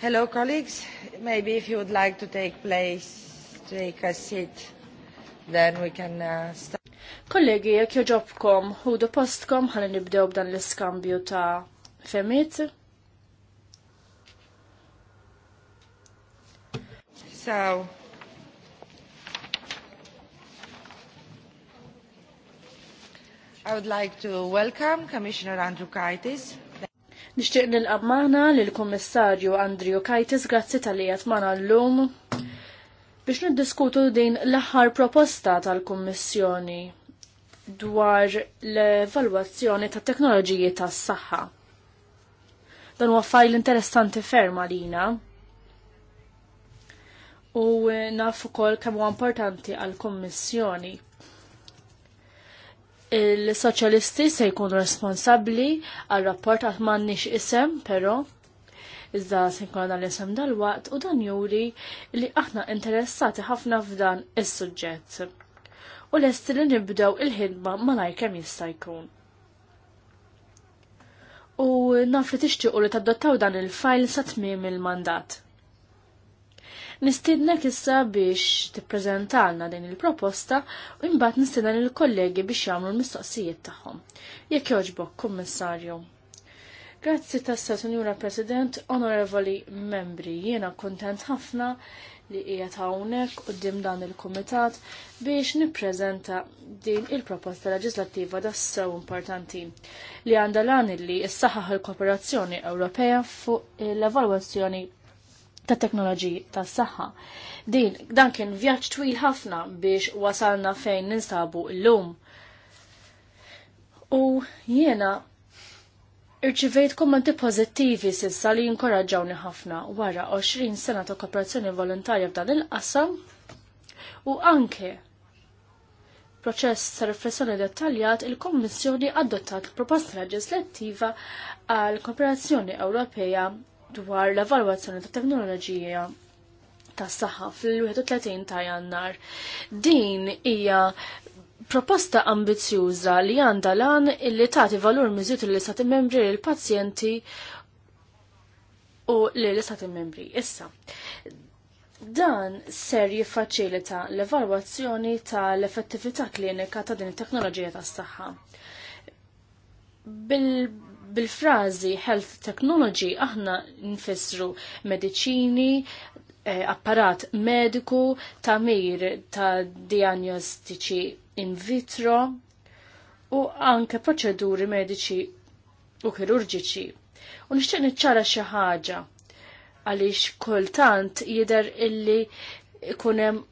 Hello, colleagues. Maybe if you would like to take place, take a seat, then we can uh, start. Kollegi, jek joġobkom, u do postkom ħalli nibdew b'dan l-iskambju ta' femit. So, I would like to welcome Commissioner Andrew Kaitis Nixtieq nilqab magħna lill-Kummissarju Andriu Kajtis grazzi tal lijat mana l llum biex niddiskutu din l-aħħar proposta tal-Kummissjoni dwar l-evalwazzjoni ta' teknoloġiji tas saħħa Dan huwa fajl interessanti ferm għalina. U naf ukoll kemm huwa importanti għall-Kummissjoni Il-soċjalisti se jkunu responsabbli għal rapport għat m'għandniex isem, però iżda se jkun għal isem dal-waqt u dan juri li aħna interessati ħafna f'dan is-suġġett. U lesti li nibdew il-ħidma malaj kemm jista' jkun. U naf li tixtiequ li tadottaw dan il-fajl sa tmiem il-mandat. Nistidna issa biex tippreżentalna din il-proposta u imbat nistidna lill-kollegi biex jagħmlu l-mistoqsijiet tagħhom. Jekk jogħġbok, kommissarju. Grazzi tassa, Sinjura President, onorevoli membri, jiena kontent ħafna li qiegħed hawnhekk quddiem dan il-kumitat biex nippreżenta din il-proposta leġislattiva da importanti li għandha lan li s-saħħaħ il-kooperazzjoni Ewropea fuq l-evalwazzjoni ta' teknoloġiji ta' saħħa. Din, dan kien vjaġġ twil ħafna biex wasalna fejn ninsabu l-lum. U jiena irċivejt kommenti pozittivi sissa li jinkoraġġawni ħafna wara 20 sena ta' kooperazzjoni volontarja f'dan il-qasam u anke proċess ta' riflessjoni dettaljat il-Kommissjoni adottat proposta leġislattiva għal kooperazzjoni Ewropea dwar l-evalwazzjoni ta' teknoloġija ta' saħħa fil-31 ta' jannar. Din hija proposta ambizjuża li għandha lan illi tagħti valur miżjut li istati membri l pazjenti u li l-istati membri. Issa, dan ser jiffaċilita l-evalwazzjoni tal-effettività klinika ta' din it-teknoloġija tas-saħħa bil-frażi health technology aħna nfissru mediċini, eh, apparat mediku, tamir ta' diagnostiċi in vitro u anke proċeduri mediċi u kirurġiċi. U nixtieq niċċara xi ħaġa għaliex kultant jidher illi hemm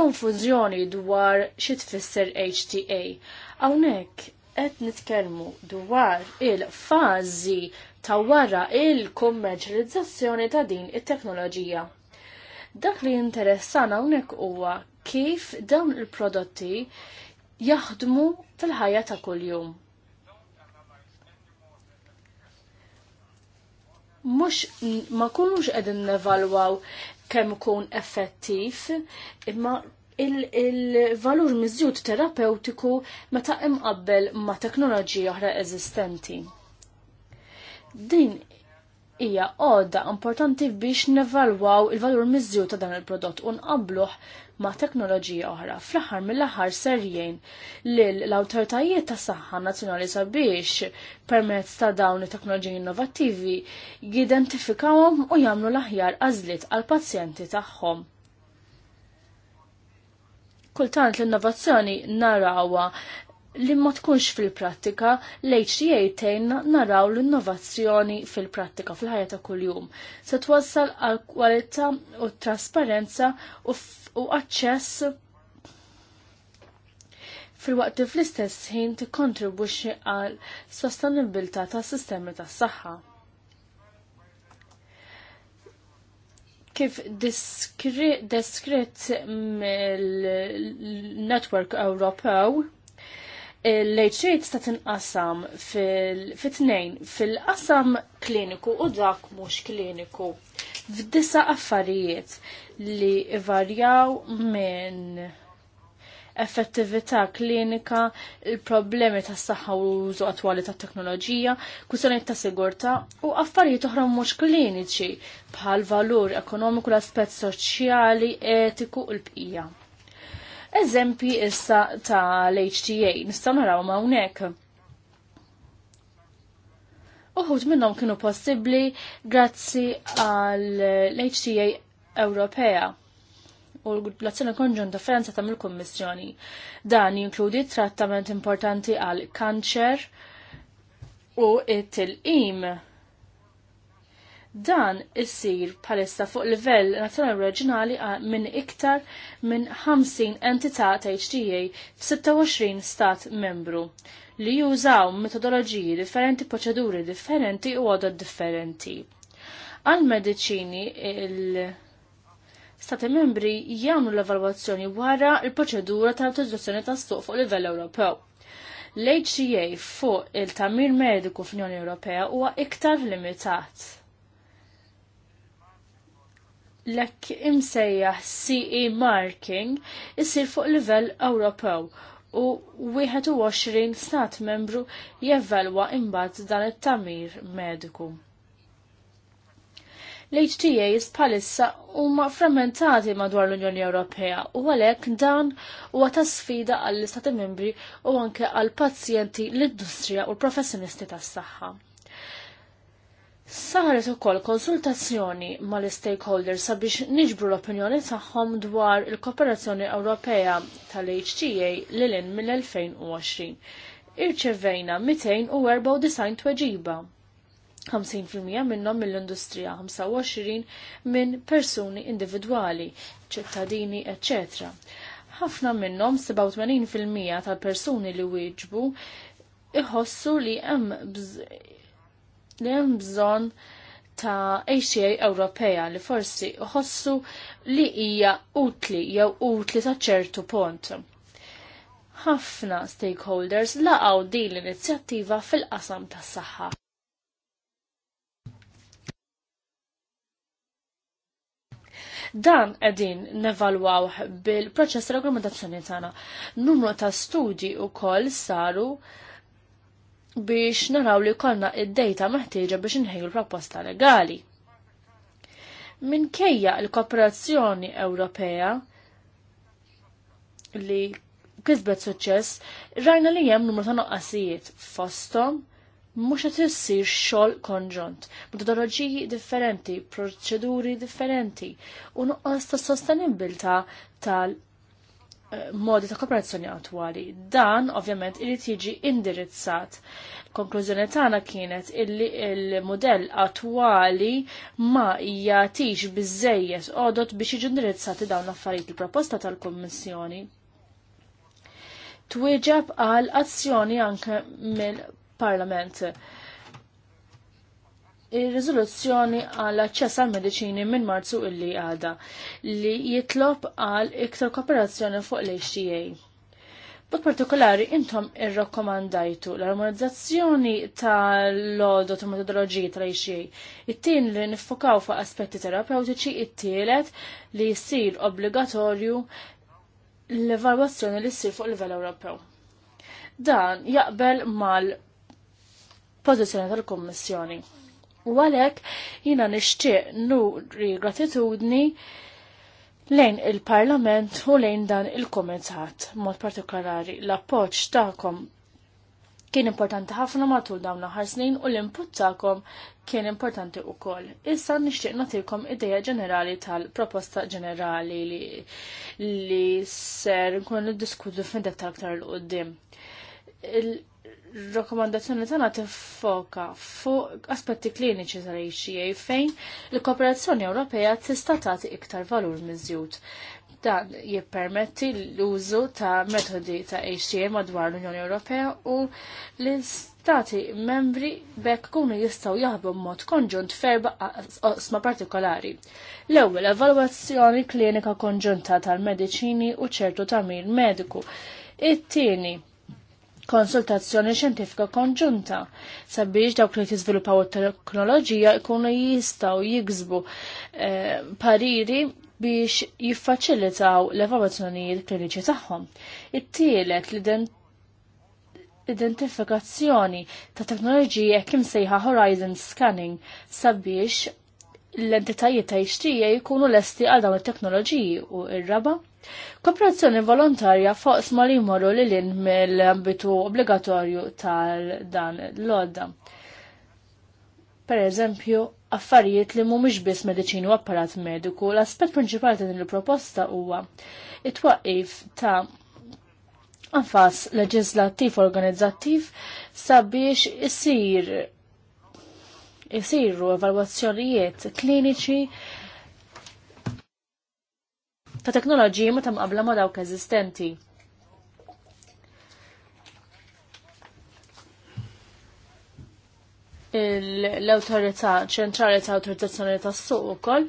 konfużjoni dwar xi tfisser HTA. Hawnhekk qed nitkellmu dwar il-fażi ta' wara il-kummerċjalizzazzjoni ta' din it-teknoloġija. Dak li interessana hawnhekk huwa kif dawn il-prodotti jaħdmu tal-ħajja ta' kuljum. mux ma kunux qegħdin nevalwaw kemm ikun effettiv, imma il-valur il miżjud terapeutiku meta imqabbel ma' teknoloġija oħra eżistenti. Din hija għodda importanti biex nevalwaw il-valur miżjud ta' dan il-prodott u nqabluh ma' teknoloġija oħra. Fl-aħħar mill-aħħar serjejn l-awtoritajiet ta' saħħa nazzjonali sabiex permezz ta' dawn it-teknoloġiji innovattivi jidentifikawhom u jagħmlu l-aħjar għażliet għall-pazjenti tagħhom kultant l-innovazzjoni narawa li ma tkunx fil-prattika l-HTA tejna naraw l-innovazzjoni fil-prattika fil-ħajja ta' kuljum. Se twassal għal kwalità u trasparenza u aċċess fil-waqt fl-istess ħin tikkontribwixxi għal sostenibilità tas sistemi tas-saħħa. kif deskritt mill-Network Ewropew l-lejċejt sta' tinqasam fit-tnejn fil-qasam kliniku u dak mhux kliniku f'disa affarijiet li varjaw minn effettività klinika, il-problemi tas saħħa u użu attwali tat teknoloġija, kwistjonijiet ta' sigurtà u affarijiet oħra mhux kliniċi bħal valur ekonomiku, l-aspett soċjali, etiku u l-bqija. Eżempji issa ta' l-HTA, nistgħu naraw ma' hawnhekk. Uħud minnhom kienu possibbli grazzi għall hta Ewropea u l-azzjoni konġunta Franza ta' mill kummissjoni Dan jinkludi trattament importanti għal kanċer u it-tilqim. Dan issir palissa fuq livell nazzjonali reġjonali minn iktar minn 50 entità ta' HTA f'26 stat membru li jużaw metodoloġiji differenti, proċeduri differenti u għodod differenti. Għal mediċini il- stati membri jagħmlu l-evalwazzjoni wara l-proċedura tal-autorizzazzjoni ta' stuq fuq livell Ewropew. L-HCA fuq il-tamir mediku f'Unjoni Ewropea huwa iktar limitat. Lekk imsejjaħ CE marking isir fuq livell Ewropew u 21 stat membru jevalwa imbagħad dan it-tamir mediku l-HTAs palissa huma frammentati madwar l-Unjoni Ewropea u għalhekk dan huwa ta' sfida għall-Istati membri u anke għall-pazjenti l-industrija u l-professjonisti tas-saħħa. Saret ukoll konsultazzjoni mal-stakeholders sabiex niġbru l-opinjoni tagħhom dwar il-Kooperazzjoni Ewropea tal-HTA lil mill-2020. Irċevejna 294 tweġiba 50% minnhom mill-industrija, 25 minn persuni individwali, ċittadini, eccetera. Ħafna minnhom 87% tal-persuni li wieġbu iħossu li hemm li hemm bżonn ta' ACA Ewropea li forsi ħossu li hija utli jew utli ta' ċertu pont. Ħafna stakeholders laqgħu din l-inizjattiva fil-qasam tas-saħħa. Dan qegħdin nevalwaw bil-proċess ta' regolamentazzjoni tagħna. Numru ta' studji wkoll saru biex naraw li kolna id-dejta meħtieġa biex inħejju l-proposta legali. Minkejja l-Kooperazzjoni Ewropea li kisbet suċċess, rajna li hemm numru ta' noqqasijiet fosthom mux qed issir xogħol konġont, metodoloġiji differenti, proċeduri differenti, u nuqqas ta' sostenibilità tal eh, modi ta' kooperazzjoni attwali. Dan, ovvjament, irrid jiġi indirizzat. Konklużjoni tagħna kienet illi il-modell attwali ma jagħtix biżejjed għodot biex jiġu indirizzati dawn l-affarijiet il-proposta tal-Kummissjoni. Twieġeb għal azzjoni anke mill parlament ir-riżoluzzjoni għal aċċess għal mediċini minn Marzu illi għada li jitlob għal iktar kooperazzjoni fuq l-HTA. Bot partikolari intom irrakkomandajtu l-armonizzazzjoni tal-lodot u metodoloġiji tal-HTA, it-tien li nifokaw fuq aspetti terapeutiċi, it-tielet li jsir obbligatorju l-evalwazzjoni li ssir fuq livell Ewropew. Dan jaqbel mal pożizzjoni tal-Kummissjoni. U għalhekk jiena nixtieq nuri gratitudni lejn il-Parlament u lejn dan il-Kumitat mod partikolari l-appoġġ tagħkom kien importanti ħafna matul dawn l snin u l-input tagħkom kien importanti u koll. Issa nishtiq natikom ideja ġenerali tal-proposta ġenerali li, li ser nkun diskutu fin dettal aktar l-qoddim. R-rakomandazzjoni tagħna tiffoka fuq aspetti kliniċi tal-HCA fejn il-Kooperazzjoni Ewropea tista' tagħti iktar valur miżjud. Dan jippermetti l-użu ta' metodi ta' HCA madwar l-Unjoni Ewropea u l-Stati membri bekk kunu jistgħu jaħbu mod konġunt ferba osma partikolari. L-ewwel evalwazzjoni klinika konġunta tal-mediċini u ċertu tamir mediku. It-tieni konsultazzjoni xjentifika konġunta sabiex dawk li tiżviluppaw it-teknoloġija jkunu jistgħu jiksbu eh, pariri biex jiffaċilitaw l-evalwazzjonijiet kliniċi tagħhom. It-tielet l-identifikazzjoni ta' teknoloġija kim sejħa Horizon Scanning sabiex l-entitajiet ta' jixtrija jkunu lesti għal dawn it-teknoloġiji u r-raba' Kooperazzjoni volontarja fuq sma li jmorru li lin mill-ambitu obbligatorju tal-dan l-odda. Per eżempju, affarijiet li mhumiex biss medicinu u apparat mediku, l-aspett prinċipali ta' din il-proposta huwa it waqif ta' anfas leġislattiv organizzattiv sabiex isir isiru evalwazzjonijiet kliniċi ta' teknoloġiji tam qabla ma' dawk eżistenti. l-autorità ċentrali ta' autorizzazzjoni tas suq ukoll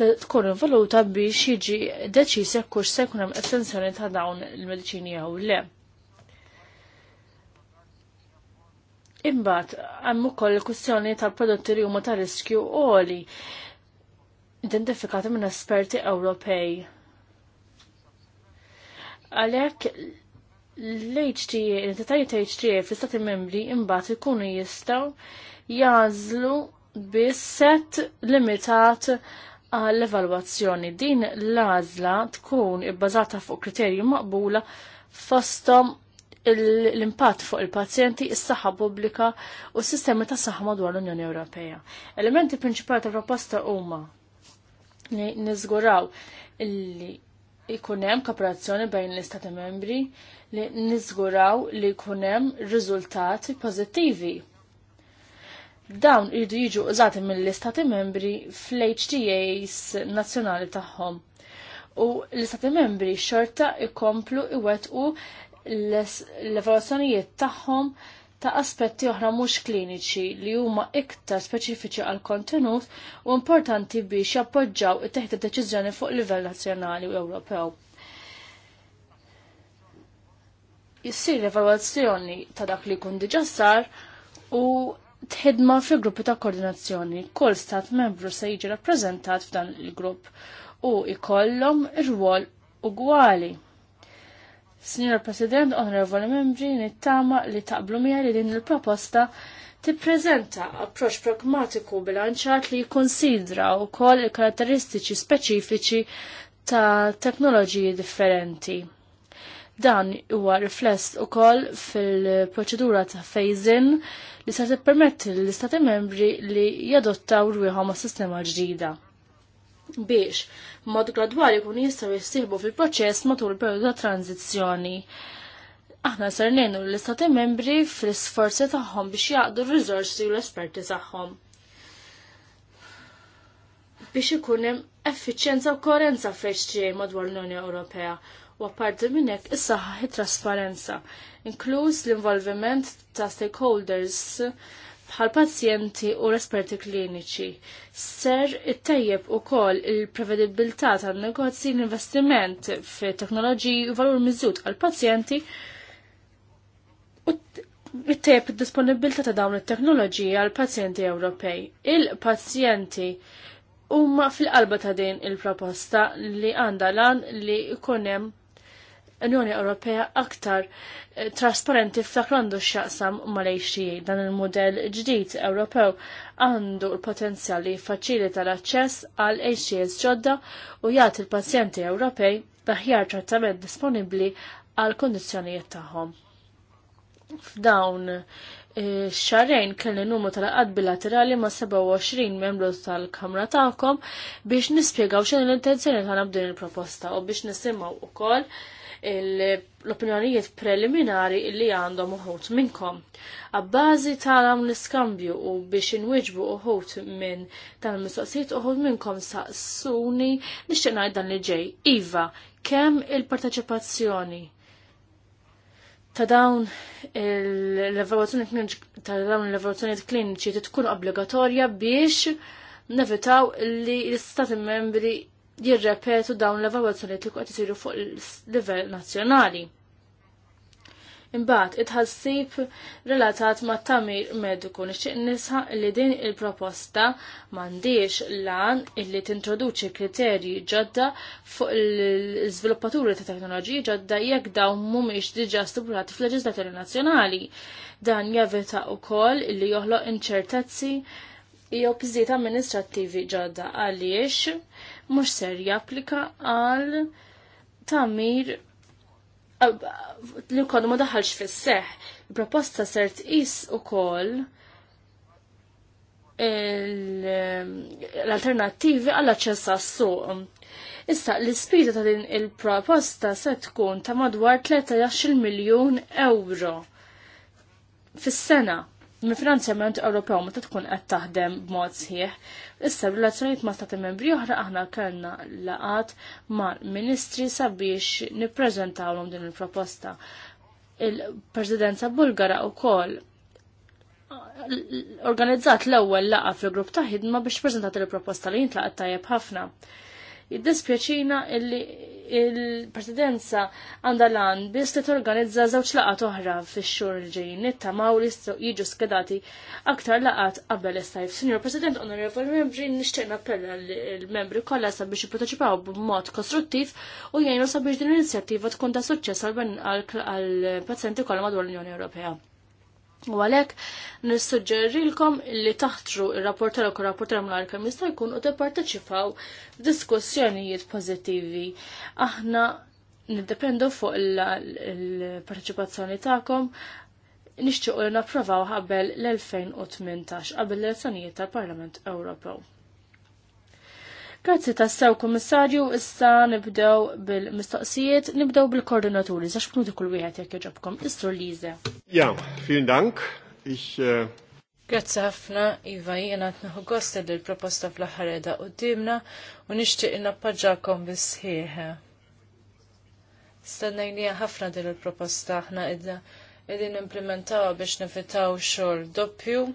tkun involuta biex jiġi deċis jekk hux se jkun hemm estensjoni ta' dawn il-mediċini jew le. Imbagħad hemm ukoll il-kwistjoni tal-prodotti li huma ta' riskju għoli identifikati minn esperti Ewropej Għalhekk l-HTA, l-entitajiet HTA fl-Istati Membri imbagħad ikunu jistgħu jażlu bis-set limitat għall-evalwazzjoni. Din l-għażla tkun ibbażata fuq kriterji maqbula fosthom l-impatt fuq il-pazjenti, is-saħħa pubblika u s-sistemi ta' saħħa madwar l-Unjoni Ewropea. Elementi prinċipali tal proposta huma li niżguraw li ikunem hemm kooperazzjoni bejn l-Istati membri li niżguraw li jkun hemm riżultati pożittivi. Dawn iridu jiġu użati mill-Istati membri fl-HTAs nazzjonali tagħhom. U l-Istati membri xorta ikomplu iwettqu l evoluzzjonijiet tagħhom ta' aspetti oħra mhux kliniċi li huma iktar speċifiċi għal kontenut u importanti biex jappoġġaw it-teħda deċiżjoni fuq livell nazzjonali u Ewropew. Jissir l evalwazzjoni ta' dak li jkun diġà sar u tħidma fi gruppi ta' koordinazzjoni. Kull stat membru se jiġi rappreżentat f'dan il-grupp u ikollhom ir-rwol ugwali. Il Signor President, Onorevoli Membri, nittama li taqblu mija li din il-proposta tippreżenta approċ pragmatiku bilanċat li jikkonsidra wkoll il-karatteristiċi speċifiċi ta' teknoloġiji differenti. Dan huwa rifless ukoll fil-proċedura ta' phase-in li se tippermetti l-Istati membri li jadottaw rwiħom ma' sistema ġdida biex mod gradwali kun jistaw jissieħbu fil-proċess matul periodu ta' tranzizjoni. Aħna ser nenu l-istati membri fl-isforzi tagħhom biex jaqdu r-riżorsi u l-esperti tagħhom. Biex ikun hemm effiċjenza u koerenza fl-HTA madwar l-Unjoni Ewropea u apparti minn hekk is-saħħa e trasparenza, inkluż l-involviment ta' stakeholders bħal pazjenti u l-esperti kliniċi. Ser it-tajjeb u kol il-prevedibilità tal-negozji l-investiment fi teknoloġiji u valur mizzut għal pazjenti u it-tajjeb disponibilità ta' dawn it-teknoloġiji għal pazjenti Ewropej. Il-pazjenti huma fil-qalba ta' din il-proposta li għandha lan li kunem hemm Unjoni Ewropea aktar eh, trasparenti f'dak għandu x'jaqsam mal-HTA. Dan il-modell ġdid Ewropew għandu l-potenzjal li jfaċilita l-aċċess għal HTAs ġodda u jagħti l-pazjenti Ewropej l-aħjar trattament disponibbli għal kondizjonijiet tagħhom. F'dawn eh, xarrejn kelli numru tal-qad bilaterali ma' 27 membru tal-Kamra tagħkom biex nispjegaw xejn l-intenzjoni tagħna b'din il-proposta u biex nisimgħu wkoll l-opinjonijiet preliminari li għandhom uħut minnkom. Għabbażi tal-għam l-iskambju u biex inwiġbu uħut minn tal-mistoqsijiet uħut minnkom saqsuni nixtieq dan li ġej. Iva, kemm il-parteċipazzjoni ta' dawn l-evaluazzjoni ta' dawn l-evaluazzjoni kliniċi tkun obbligatorja biex nevitaw li l-istati membri jirrepetu dawn l-evaluazzjoniet li qed isiru fuq il-livell nazzjonali. Imbagħad it relatat ma' tamir mediku nixtieq nisa li din il-proposta m'għandix lan illi tintroduċi kriterji ġodda fuq l-iżviluppaturi ta' teknoloġiji ġodda jekk dawn mhumiex diġà stipulati fl leġislaturi nazzjonali. Dan javita wkoll illi joħloq inċertezzi jew bżiet amministrattivi ġodda għaliex mhux ser japplika għal tamir li kodu ma daħalx fis-seħ. Proposta ser tqis ukoll l-alternattivi għall-aċċess għas-suq. Issa l-ispita ta' din il-proposta se tkun ta' madwar 13 miljun euro fis-sena mill-finanzjament Ewropew meta tkun qed taħdem b'mod sħiħ. Issa relazzjonijiet ma' stati membri oħra aħna kellna laqat ma' ministri sabiex nippreżentawhom din il-proposta. Il-Presidenza Bulgara wkoll organizzat l-ewwel laqa fil-grupp ta' ħidma biex preżentat il-proposta li jintlaqat tajjeb ħafna jiddispjaċina illi il-presidenza għandalan biss li torganizza żewġ laqat oħra fix-xhur ġejjin maw li jiġu skedati aktar laqat qabel istajf. Senior President Onorevoli Membri nixtieq nappella l-membri kollha sabiex jipparteċipaw b'mod kostruttiv u jgħinu sabiex din l-inizjattiva tkun ta' suċċess għall pazzenti kollha madwar l-Unjoni Ewropea. U għalek, nissuġġerilkom li taħtru il rapportar u rapportar mlar kam jista' jkun u tipparteċipaw f'diskussjonijiet pożittivi. Aħna niddependu fuq il-parteċipazzjoni tagħkom nixtiequ li napprovaw qabel l-2018 qabel l-elezzjonijiet tal-Parlament Ewropew. Grazzi tassew kummissarju, issa nibdew bil-mistoqsijiet, nibdew bil-koordinaturi, zax minuti kull wieħed jekk joġobkom. Istru Lize. Ja, vielen Dank. Ich äh, Grazzi ħafna, Iva, jena tnaħu gost li l-proposta fl-aħħar edha u dimna u nishtiq nappaġġakom bisħieħ. ħafna din il-proposta aħna edha Qegħdin implementawa biex nifitaw xogħol doppju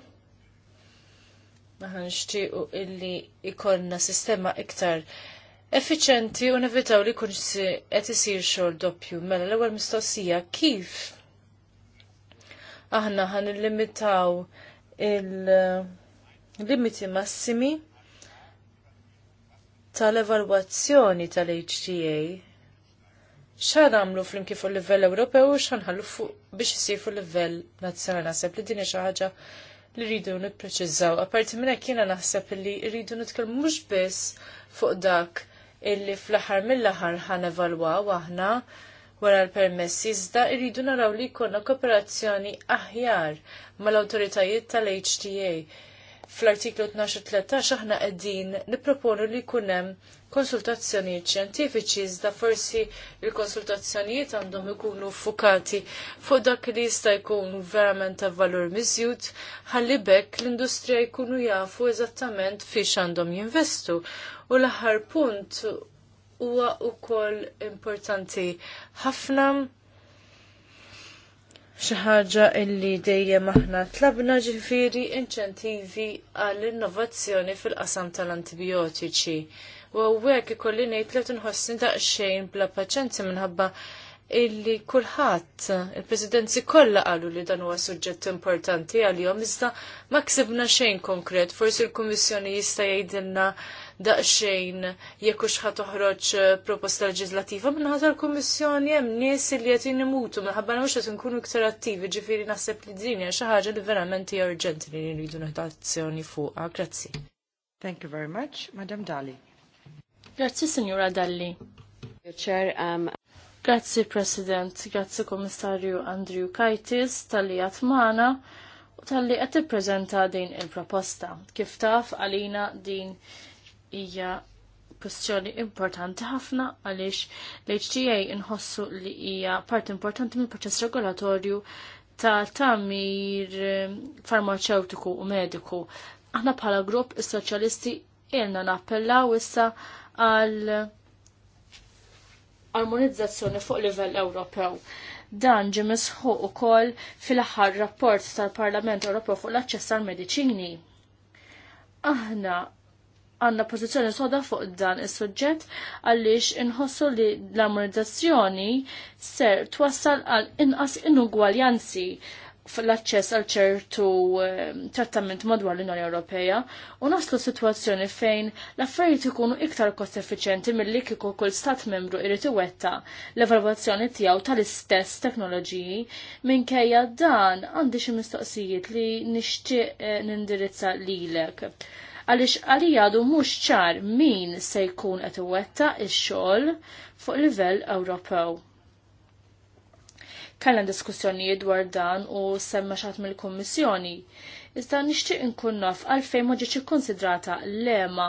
Aħna nixtiequ illi ikollna sistema iktar effiċenti u nevitaw li kun qed isir xogħol doppju. Mela l-ewwel mistoqsija kif aħna ħan illimitaw il-limiti massimi tal-evalwazzjoni tal-HTA. ċan għamlu fl fuq livell Ewropew u xan ħallu biex jisir fuq livell nazzjonali. Naseb li din xi ħaġa li rridu nippreċizzaw. Aparti minn hekk jiena naħseb li rridu nitkellmu mhux biss fuq dak illi fl-aħħar mill-aħħar ħan evalwaw aħna wara l-permessi iżda rridu naraw li jkollna kooperazzjoni aħjar mal-awtoritajiet tal-HTA. Fl-artiklu 12-13 aħna qegħdin nipproponu li jkun hemm konsultazzjonijiet ċjentifiċi iżda forsi il-konsultazzjonijiet għandhom ikunu fukati fuq dak li jista' jkun verament ta' valur miżjud ħalli bekk l-industrija jkunu jafu eżattament fiex għandhom jinvestu. U l-aħħar punt huwa wkoll importanti ħafna xi ħaġa illi dejjem aħna tlabna ġifieri inċentivi għall-innovazzjoni fil-qasam tal-antibiotiċi. U għek ikolli nejt li tinħossi daqxejn bla paċenzi minħabba illi kulħadd il-presidenzi kollha qalu li dan huwa suġġett importanti għalihom iżda ma ksibna xejn konkret, forsi l-Kummissjoni jista' jgħidilna daqsxejn jekk hux ħadd toħroġ proposta leġislativa minħabba l kummissjoni hemm nies li qed jinimutu, minħabba mhux qed inkunu iktar attivi, ġifieri naħseb li din hija xi ħaġa li verament hija urġenti li nridu neħdu azzjoni fuqha. Grazzi. Thank you very much, Madam Dali. Grazzi, Signora Dalli. Chair, um... Grazzi, President. Grazzi, Komissarju Andrew Kaitis tal-li għatmana u tal-li prezenta din il-proposta. Kif taf, għalina din hija kwestjoni importanti ħafna għaliex l-HTA inħossu li hija part importanti mill proċess regolatorju ta' tamir eh, farmaceutiku u mediku. Aħna bħala grupp is-soċjalisti ilna nappellaw issa għal armonizzazzjoni fuq livell Ewropew. Dan ġie u kol fil-aħħar rapport tal-Parlament Ewropew fuq l-aċċess tal-mediċini. Aħna għanna pożizzjoni soda fuq dan is-suġġett għaliex inħossu li l-armonizzazzjoni ser twassal għal inqas inugwaljanzi fl-aċċess għal ċertu ehm, trattament madwar l-Unjoni Ewropea u naslu situazzjoni fejn l-affarijiet ikunu iktar kost effiċjenti milli kieku kull stat membru irid iwetta l-evalwazzjoni tiegħu tal-istess teknoloġiji minkejja dan għandi xi mistoqsijiet li nixtieq eh, nindirizza lilek. Għaliex għalija għadu mhux ċar min se jkun qed wetta il xogħol fuq livell Ewropew Kellna diskussjonijiet dwar dan u semma xaħat mill-Kummissjoni. Iżda nixtieq inkun naf għalfejn ma ġietx ikkonsidrata l-ema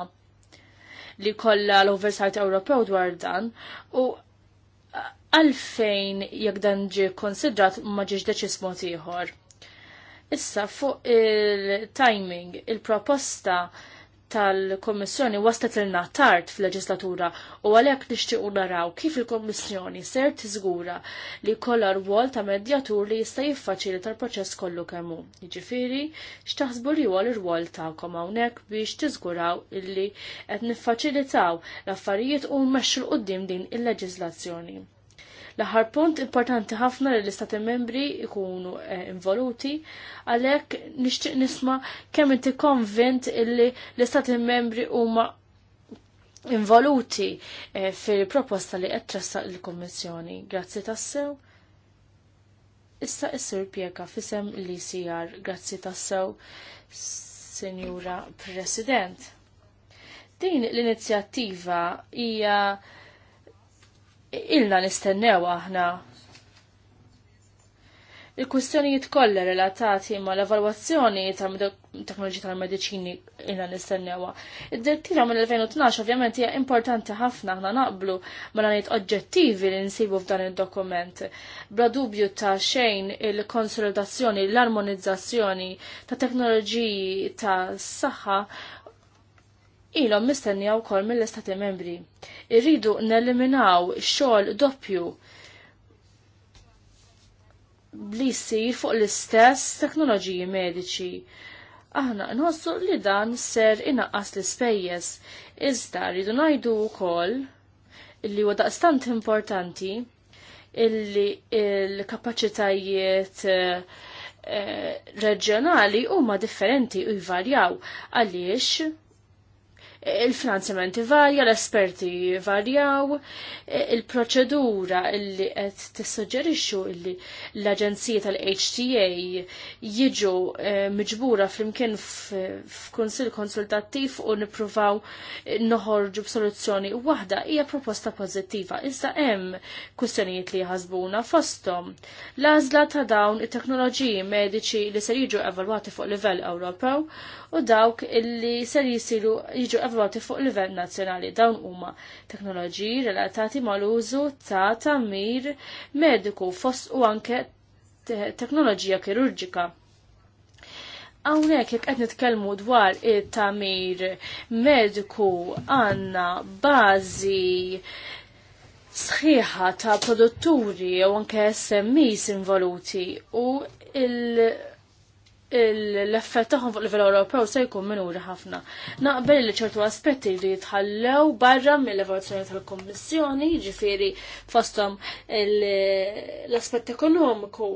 li kollha l-Oversight Ewropew dwar dan u għalfejn jekk dan ġie konsidrat ma ġiex deċis mod ieħor. Issa fuq il-timing, il-proposta il timing il proposta tal-Kommissjoni waslet ilna tard fil-leġislatura u għalhekk nixtiequ naraw kif il-Kommissjoni ser tiżgura li kollha rwol ta' medjatur li jista' jiffaċilita l-proċess kollu kemm hu. Jiġifieri x'taħsbu li huwa l-rwol tagħkom hawnhekk biex tiżguraw illi qed niffaċilitaw l-affarijiet u mmexxu l-qudiem din il-leġislazzjoni. L-aħħar punt importanti ħafna li l-istati membri ikunu eh, involuti għalhekk nixtieq nisma' kemm inti konvint illi l-istati membri huma involuti eh, fil-proposta li qed tressaq il-Kummissjoni. Grazzi tassew. Issa issir pjeka fisem li sijar grazzi tassew, Senjura President. Din l-inizjattiva hija ilna nistennew aħna. Il-kustjonijiet kollha relatati ma l-evalwazzjoni ta' teknoloġija tal-mediċini ilna nistennewa. Id-direttiva mill-2012 ovvjament hija importanti ħafna aħna naqblu ma l oġġettivi li nsibu f'dan id-dokument. Bla dubju ta' xejn il-konsolidazzjoni, l-armonizzazzjoni ta' teknoloġiji ta' saħħa ilhom mistennija wkoll mill-Istati Membri. Irridu neliminaw xogħol doppju li jsir fuq l-istess teknoloġiji mediċi. Aħna nħossu li dan ser inaqqas l-ispejjeż, iżda rridu ngħidu wkoll li huwa daqstant importanti illi il-kapaċitajiet eh, reġjonali huma differenti u jvarjaw għaliex il-finanzjamenti varja, l-esperti varjaw, e, il-proċedura illi qed tissuġġerixxu illi l-Aġenzija tal-HTA jiġu e, miġbura flimkien f'kunsil konsultattiv u nippruvaw noħorġu b'soluzzjoni waħda hija proposta pożittiva. Iżda hemm kwistjonijiet li jħasbuna fosthom. L-għażla ta' dawn it-teknoloġiji mediċi li ser jiġu evalwati fuq livell Ewropew u dawk illi ser jisiru jiġu advati fuq livell nazzjonali dawn huma teknoloġiji relatati mal-użu ta' tamir mediku fost u anke teknoloġija kirurġika. Hawnhekk jekk qed nitkellmu dwar it-tamir mediku għandna bażi sħiħa ta' produtturi u anke SMEs involuti u il- l-effett tagħhom fuq l livell Ewropew se jkun minuri ħafna. Naqbel li ċertu aspetti li jitħallew barra mill-evoluzzjoni tal-Kommissjoni, ġifieri fosthom l-aspett ekonomiku.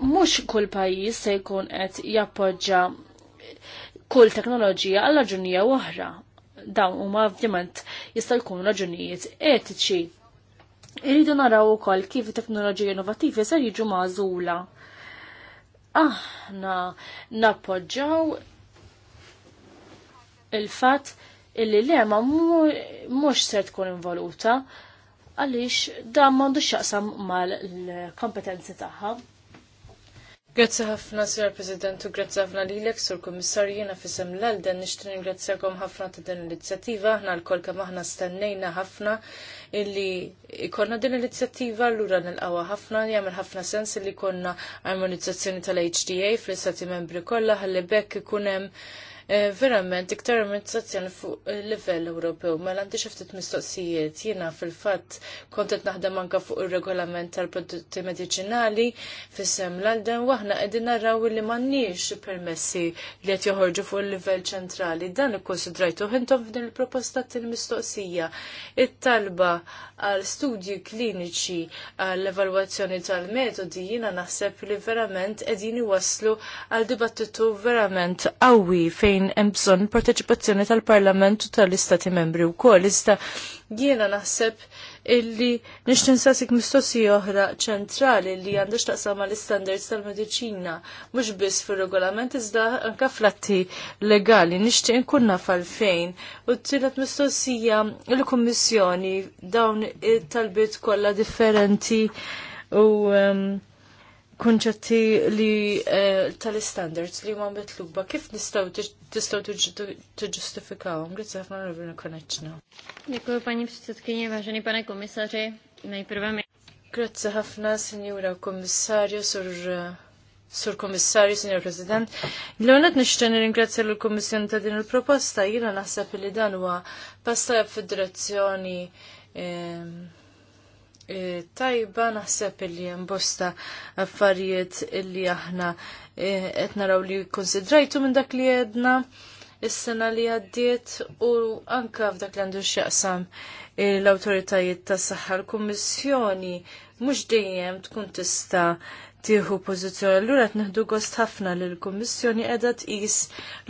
Mhux kull pajjiż se jkun qed jappoġġa kull teknoloġija għal raġunija oħra. Dawn huma ovvjament jista' jkunu raġunijiet etiċi. Irridu naraw ukoll kif teknoloġija innovattivi se jiġu magħżula aħna nappoġġaw il-fatt illi l-ema mux ser tkun involuta għalix da mandu xaqsam mal-kompetenzi taħħa. Grazzi ħafna, Sir President, u grazzi ħafna li l Sur Komissar, jena fissem l-Alden, nishtin ringrazzjakom ħafna ta' din l inizjativa ħna l-kol kam ħna stennejna ħafna illi ikonna din l inizjativa l-ura nil-qawa ħafna, jgħamil ħafna sens illi konna armonizzazzjoni tal-HDA fl-istati membri kolla, ħalli bekk ikunem. hemm Eh, verament iktar organizzazzjoni fuq eh, livell Ewropew. Mela għandi ftit mistoqsijiet jiena fil-fatt kont naħdem anke fuq ir-regolament tal-prodotti mediċinali fissem l għaldem u aħna qegħdin narraw li m'għandniex permessi li qed joħorġu fuq il-livell ċentrali. Dan ikkonsidrajtu intom f'din il-proposta tal-mistoqsija. It-talba għal studji kliniċi għall evalwazzjoni tal-metodi jiena naħseb li verament qegħdin iwasslu għal dibattitu verament qawwi fejn fejn hemm bżonn parteċipazzjoni tal-Parlament u tal-Istati membri wkoll. Iżda jiena naħseb illi nixtin sasik mistoqsija oħra ċentrali li għandux taqsam l istandards tal-medicina, mux biss fil-regolament, iżda anka flatti legali, nixtieq kunna fal-fejn. U t mistoqsija l-Kommissjoni dawn it-talbiet kolla differenti u um, kunċetti li eh, tal-standards li huma bitluba. kif t tistgħu tiġġustifikawhom. Grazzi ħafna Ravina Konečna. Dikku, pani przewodniczący, ważny panie komisarzu. Najpierw Grazzi ħafna, Signora Kommissarju, Sur Sur Kommissarju, Sinjur President. L-għonet nishtan ringrazzja l komissjon ta' din il-proposta, jina naħseb li dan huwa pasta fid-direzzjoni ehm, Eh, tajba naħseb illi bosta affarijiet li aħna eh, qed naraw li konsidrajtu minn dak li jedna s sena li għaddiet u anka f'dak li għandu x'jaqsam eh, l-awtoritajiet tas saħħa l-Kummissjoni mhux dejjem tkun tista' tieħu pożizzjoni. Allura qed neħdu gost ħafna lil l-Kummissjoni qiegħda tqis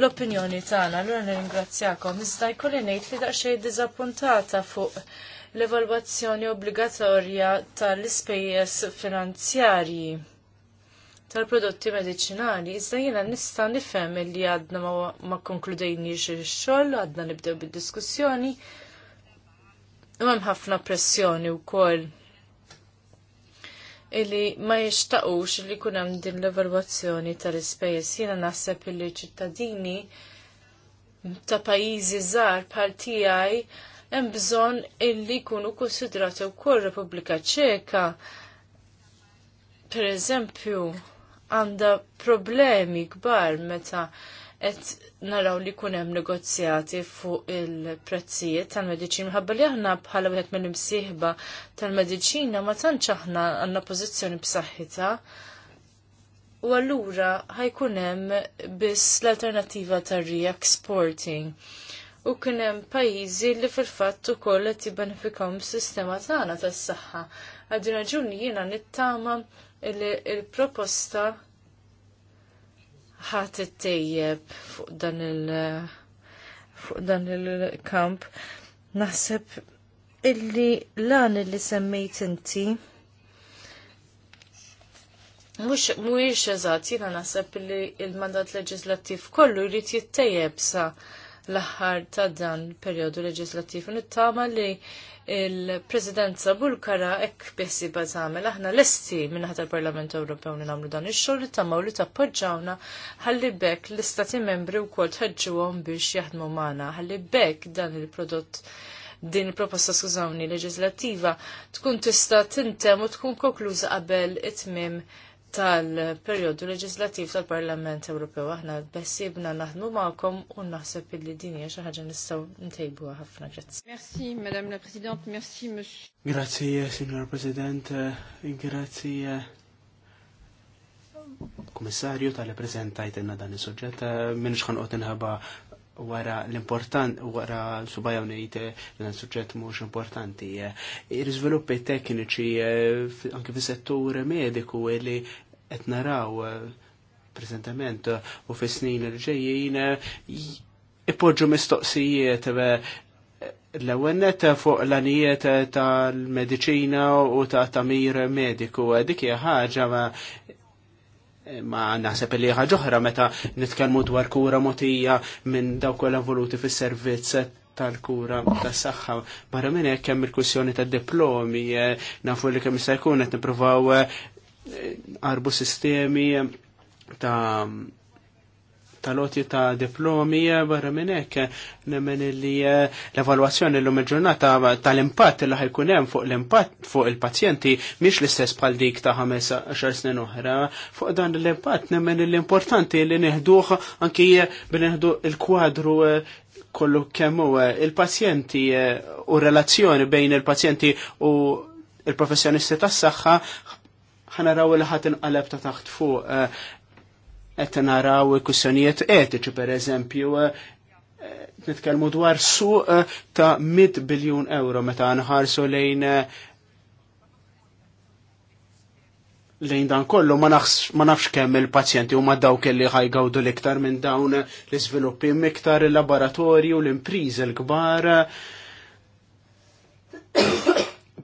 l-opinjoni tagħna. Allura nirringrazzjakom. Iżda jkolli ngħid li daqsxejn diżappuntata fuq l-evalwazzjoni obbligatorja tal-ispejjeż finanzjarji tal-prodotti medicinali, iżda jiena nista nifhem li għadna ma, ma konkludejniex ix xogħol għadna nibdew bid-diskussjoni. U hemm ħafna pressjoni wkoll illi ma jixtaqux li jkun hemm din l-evalwazzjoni tal-ispejjeż. Jiena naħseb illi ċittadini ta' pajjiżi żgħar bħal tiegħi hemm bżonn illi jkunu konsidrati wkoll Repubblika Ċeka pereżempju għandha problemi kbar meta qed naraw li jkun hemm negozjati fuq il-prezzijiet tal-mediċin minħabba li aħna bħala wieħed mill-imsieħba tal-mediċina ma tantx aħna għandna pożizzjoni b'saħħitha. U allura ħajkun hemm biss l-alternattiva reexporting exporting u kien hemm pajjiżi li fil-fatt ukoll qed jibbenefikaw mis-sistema tagħna tas-saħħa. Għal din raġuni jiena nittama li l-proposta ħadd ittejjeb fuq dan il- fuq dan il-kamp. Naħseb illi lan illi semmejt inti Mux, mux eżat, jina nasab li il-mandat leġislattiv kollu jrid jittejjeb sa' l-aħħar ta' dan periodu leġislattiv. Nittama li il-Presidenza Bulkara ek biħsiba tagħmel aħna lesti esti ħadd il-Parlament Ewropew li namlu dan ix-xogħol li tagħmlu li tappoġġawna ħalli bekk l-istati membri wkoll tħeġġuhom biex jaħdmu magħna, ħalli bekk dan il-prodott din il-proposta skużawni leġislattiva tkun tista' tintem u tkun konkluża qabel it tmim tal-periodu leġislattiv tal-Parlament Ewropew. Aħna bessibna naħdmu ma'kom u naħseb illi din hija xi ħaġa nistgħu ntejbuha ħafna grazzi. Merci, Madame la President, merci, Monsieur. Grazzi, Signor President, grazzi Kummissarju tal-prezentajtenna dan is-suġġett minn xħanqot inħaba wara l-important, wara l subajaw nejt l-suġġett mux importanti. Ir-izviluppi tekniċi eh, anke fis settur mediku li qed naraw eh, prezentament u fis snin l-ġejjin eh, ipoġġu mistoqsijiet L-ewennet fuq l għanijiet tal-medicina u ta' tamir mediku, dik hija ħaġa ma naħseb li ħaġoħra meta nitkellmu dwar kura motija minn dawk l involuti fis-servizz tal-kura tas-saħħa. Barra minn hekk hemm il-kwissjoni tad-diplomi, eh, nafu li kemm jista' jkun qed nippruvaw eh, eh, arbu sistemi ta' tal oti ta' diplomi eh, barra minn hekk eh, nemmen li eh, l-evalwazzjoni l-lum il-ġurnata tal-impatt li ħajkun hemm fuq l-impatt fuq il-pazjenti mhix l-istess bħal dik ta' ħames xar snin oħra. Fuq dan l-impatt nemmen l-importanti li neħduh anki b'neħdu il-kwadru kollu kemm il-pazjenti u relazzjoni bejn il-pazjenti u il-professjonisti tas-saħħa ħanaraw li ħat inqaleb ta' taħt fuq qed naraw kussjonijiet etiċi pereżempju eh, eh, nitkellmu dwar suq eh, ta' 100 biljun euro meta nħarsu lejn lejn dan kollu ma nafx kemm il-pazjenti huma dawk li ħajgawdu l-iktar minn dawn l-iżviluppi miktar il-laboratorju l imprizi l kbar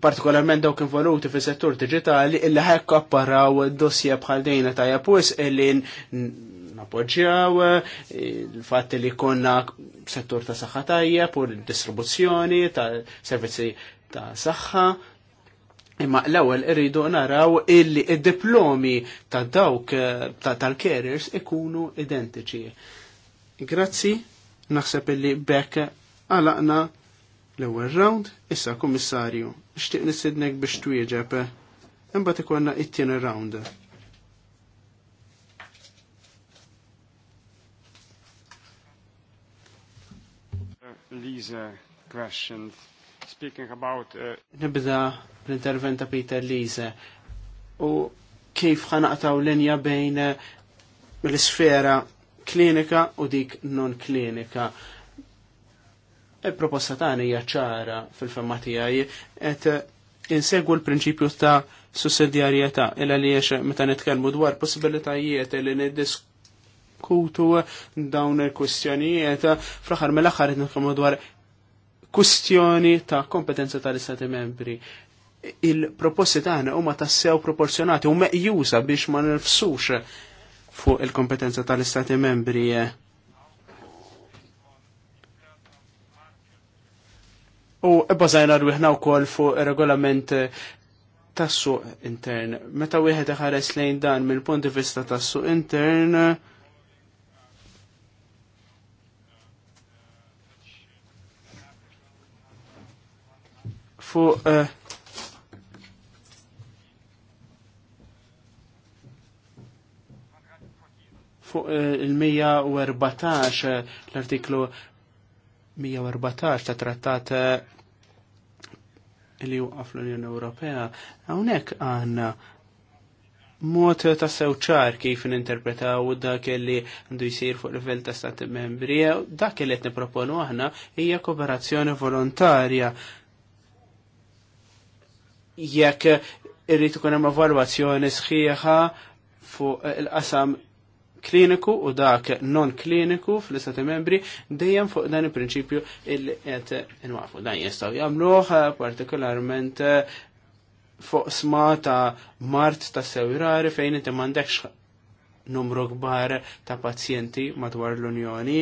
partikolarment dawk involuti fis settur digitali illi ħekk apparaw dossier bħal dejna ta' japus illi napoġġjaw il-fatt li konna settur ta' saħħa tajjeb u distribuzzjoni ta' servizzi ta' saħħa. Imma l-ewwel irridu naraw illi id-diplomi ta' dawk tal-carriers ikunu identiċi. Grazzi, naħseb illi bekk għalaqna l-ewwel round, issa kummissarju, xtieq sidnek biex twieġeb, imbagħad ikollna it-tieni round. Lisa speaking about uh... nibda l-intervent ta' Peter Lise u kif ħanaqtaw linja bejn uh, l-sfera klinika u dik non klinika Il-proposta tagħna hija ċara fil-femma tiegħi qed insegu l-prinċipju ta' sussidjarjetà il għaliex meta nitkellmu dwar possibilitajiet li niddiskutu dawn il-kwistjonijiet fl-aħħar mill-aħħar qed nitkellmu dwar kwistjoni ta' kompetenza tal-Istati membri il-proposti tagħna huma tassew proporzjonati u meqjusa biex ma nilfsux fuq il-kompetenza tal-Istati membri U bbażajna rwiħna wkoll fuq regolament eh, tas-suq intern. Meta wieħed iħares lejn dan mill-punt di vista tas-suq intern, Fu. fuq eh, eh, il-114 l-artiklu 114 ta' trattat li waqaf l-Unjoni Ewropea, hawnhekk għanna mod ta' sewċar kif ninterpretaw dak li għandu jisir fuq livell ta' stati membri, dak li qed nipproponu aħna hija kooperazzjoni volontarja. Jekk irrid ikun hemm evalwazzjoni sħiħa fuq il-qasam kliniku u dak non kliniku fl-istati membri dejjem fuq dan il-prinċipju illi qed inwafu. Dan jistgħu jagħmluh eh, partikolarment eh, fuq sma ta' mart ta' sewirari fejn inti m'għandekx numru kbar ta' pazjenti madwar l-Unjoni.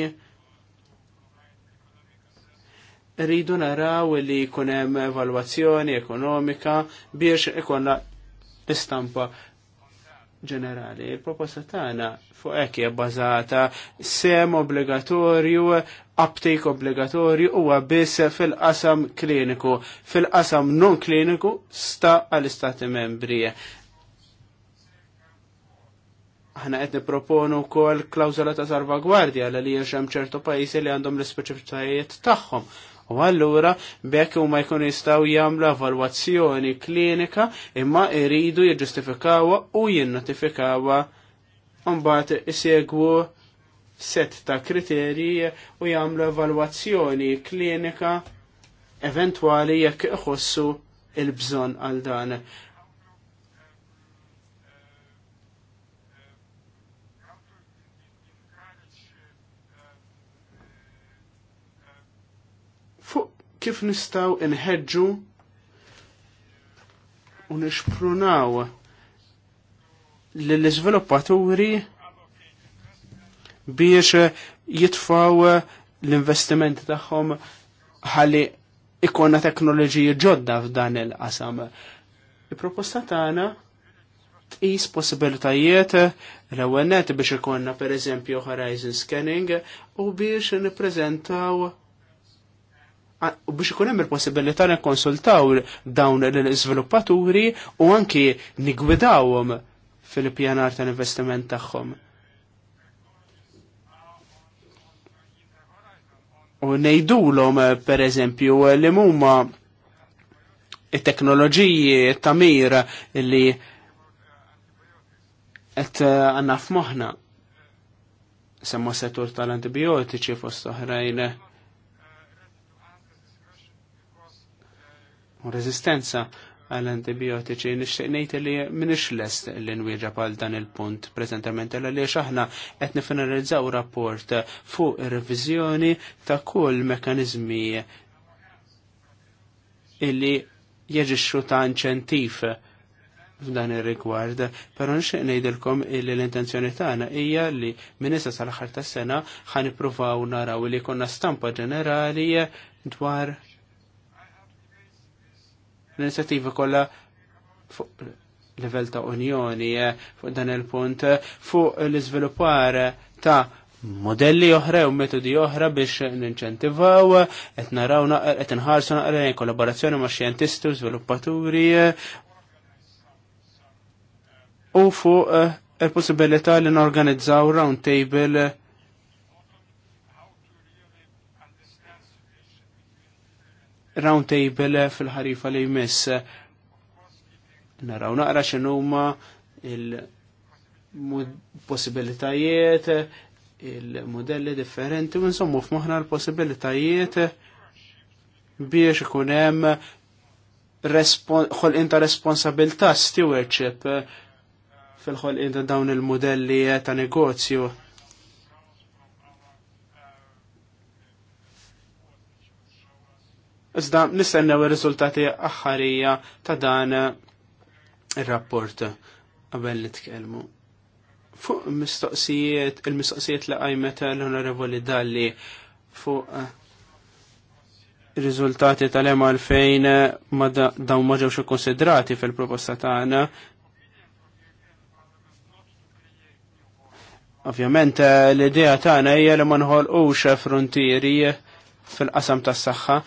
Rridu naraw li jkun hemm evalwazzjoni ekonomika biex ikonna istampa ġenerali. Il-proposta tagħna fuq hekk hija bbażata sem obbligatorju, uptake obbligatorju huwa biss fil-qasam kliniku, fil-qasam non kliniku sta għall-istati membri. Aħna qed nipproponu wkoll klawżola ta' salvagwardja li xemm ċertu pajjiżi li għandhom l-ispeċifitajiet tagħhom U allura bekk huma jkun jistgħu jagħmlu evalwazzjoni klinika imma iridu jġustifikawa u jinnotifikawha mbagħad isegwu set ta' kriterji u jagħmlu evalwazzjoni klinika eventwali jekk iħossu il-bżonn għal dan. kif nistaw inħedġu u nixprunaw l-izviluppaturi biex jitfaw l-investimenti tagħhom ħalli ikonna teknoloġiji ġodda f'dan il-qasam. Il-proposta tagħna tqis possibilitajiet l-ewwel biex ikonna pereżempju horizon scanning u biex nippreżentaw u biex ikun hemm il-possibilità nikkonsultaw dawn l-iżviluppaturi u anki nigwidawhom fil-pjanar tal-investiment tagħhom. U ngħidulhom pereżempju li huma it-teknoloġiji tamir li qed eh, għandna f'moħħna semma settur tal-antibiotiċi fost oħrajn. u rezistenza għal antibiotiċi nixtieq ngħid li m'iniex lest li nwieġa għal dan il-punt preżentament l li aħna qed nifinalizzaw rapport fuq ir-reviżjoni ta' kull mekkaniżmi illi jeġixxu ta' inċentiv f'dan ir-rigward, però nixtieq ngħidilkom illi l-intenzjoni tagħna hija li minn sal-aħħar tas-sena ħan nippruvaw naraw li konna stampa ġenerali dwar l-inizjattivi kollha fuq level ta' unjoni eh, fuq dan il-punt eh, fuq l-iżviluppar ta' modelli oħra u metodi oħra biex ninċentivaw, qed naraw qed inħarsu naqra kollaborazzjoni ma' xjentisti u żviluppaturi eh, u fuq il-possibilità li norganizzaw round table round table fil-ħarifa li jmiss. Naraw naqra x'inhuma il-possibilitajiet, il-modelli differenti, u insomma f'moħħna l-possibilitajiet biex ikun hemm ħolqien ta' responsabilità stewardship fil-ħolqien ta' dawn il-modelli ta' negozju Iżda nistennew ir-riżultati aħħarija ta' dan ir-rapport qabel nitkellmu. Fuq mistoqsijiet, il-mistoqsijiet li qajmet l-Onorevoli Dalli fuq riżultati tal em għalfejn ma dawn ma ġewx ikkonsidrati fil-proposta tagħna Ovvjament, l-idea tagħna hija li ma nħolqux frontieri fil-qasam tas-saħħa,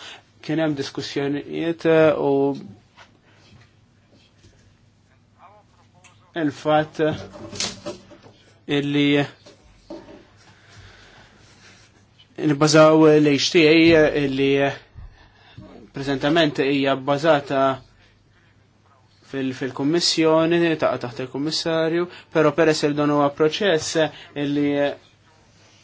kien hemm diskussjonijiet eh, u il-fatt illi nibbażaw l-HTA illi prezentament hija bbażata fil-kommissjoni, taqa taħt il-kommissarju, pero peress il donu huwa proċess illi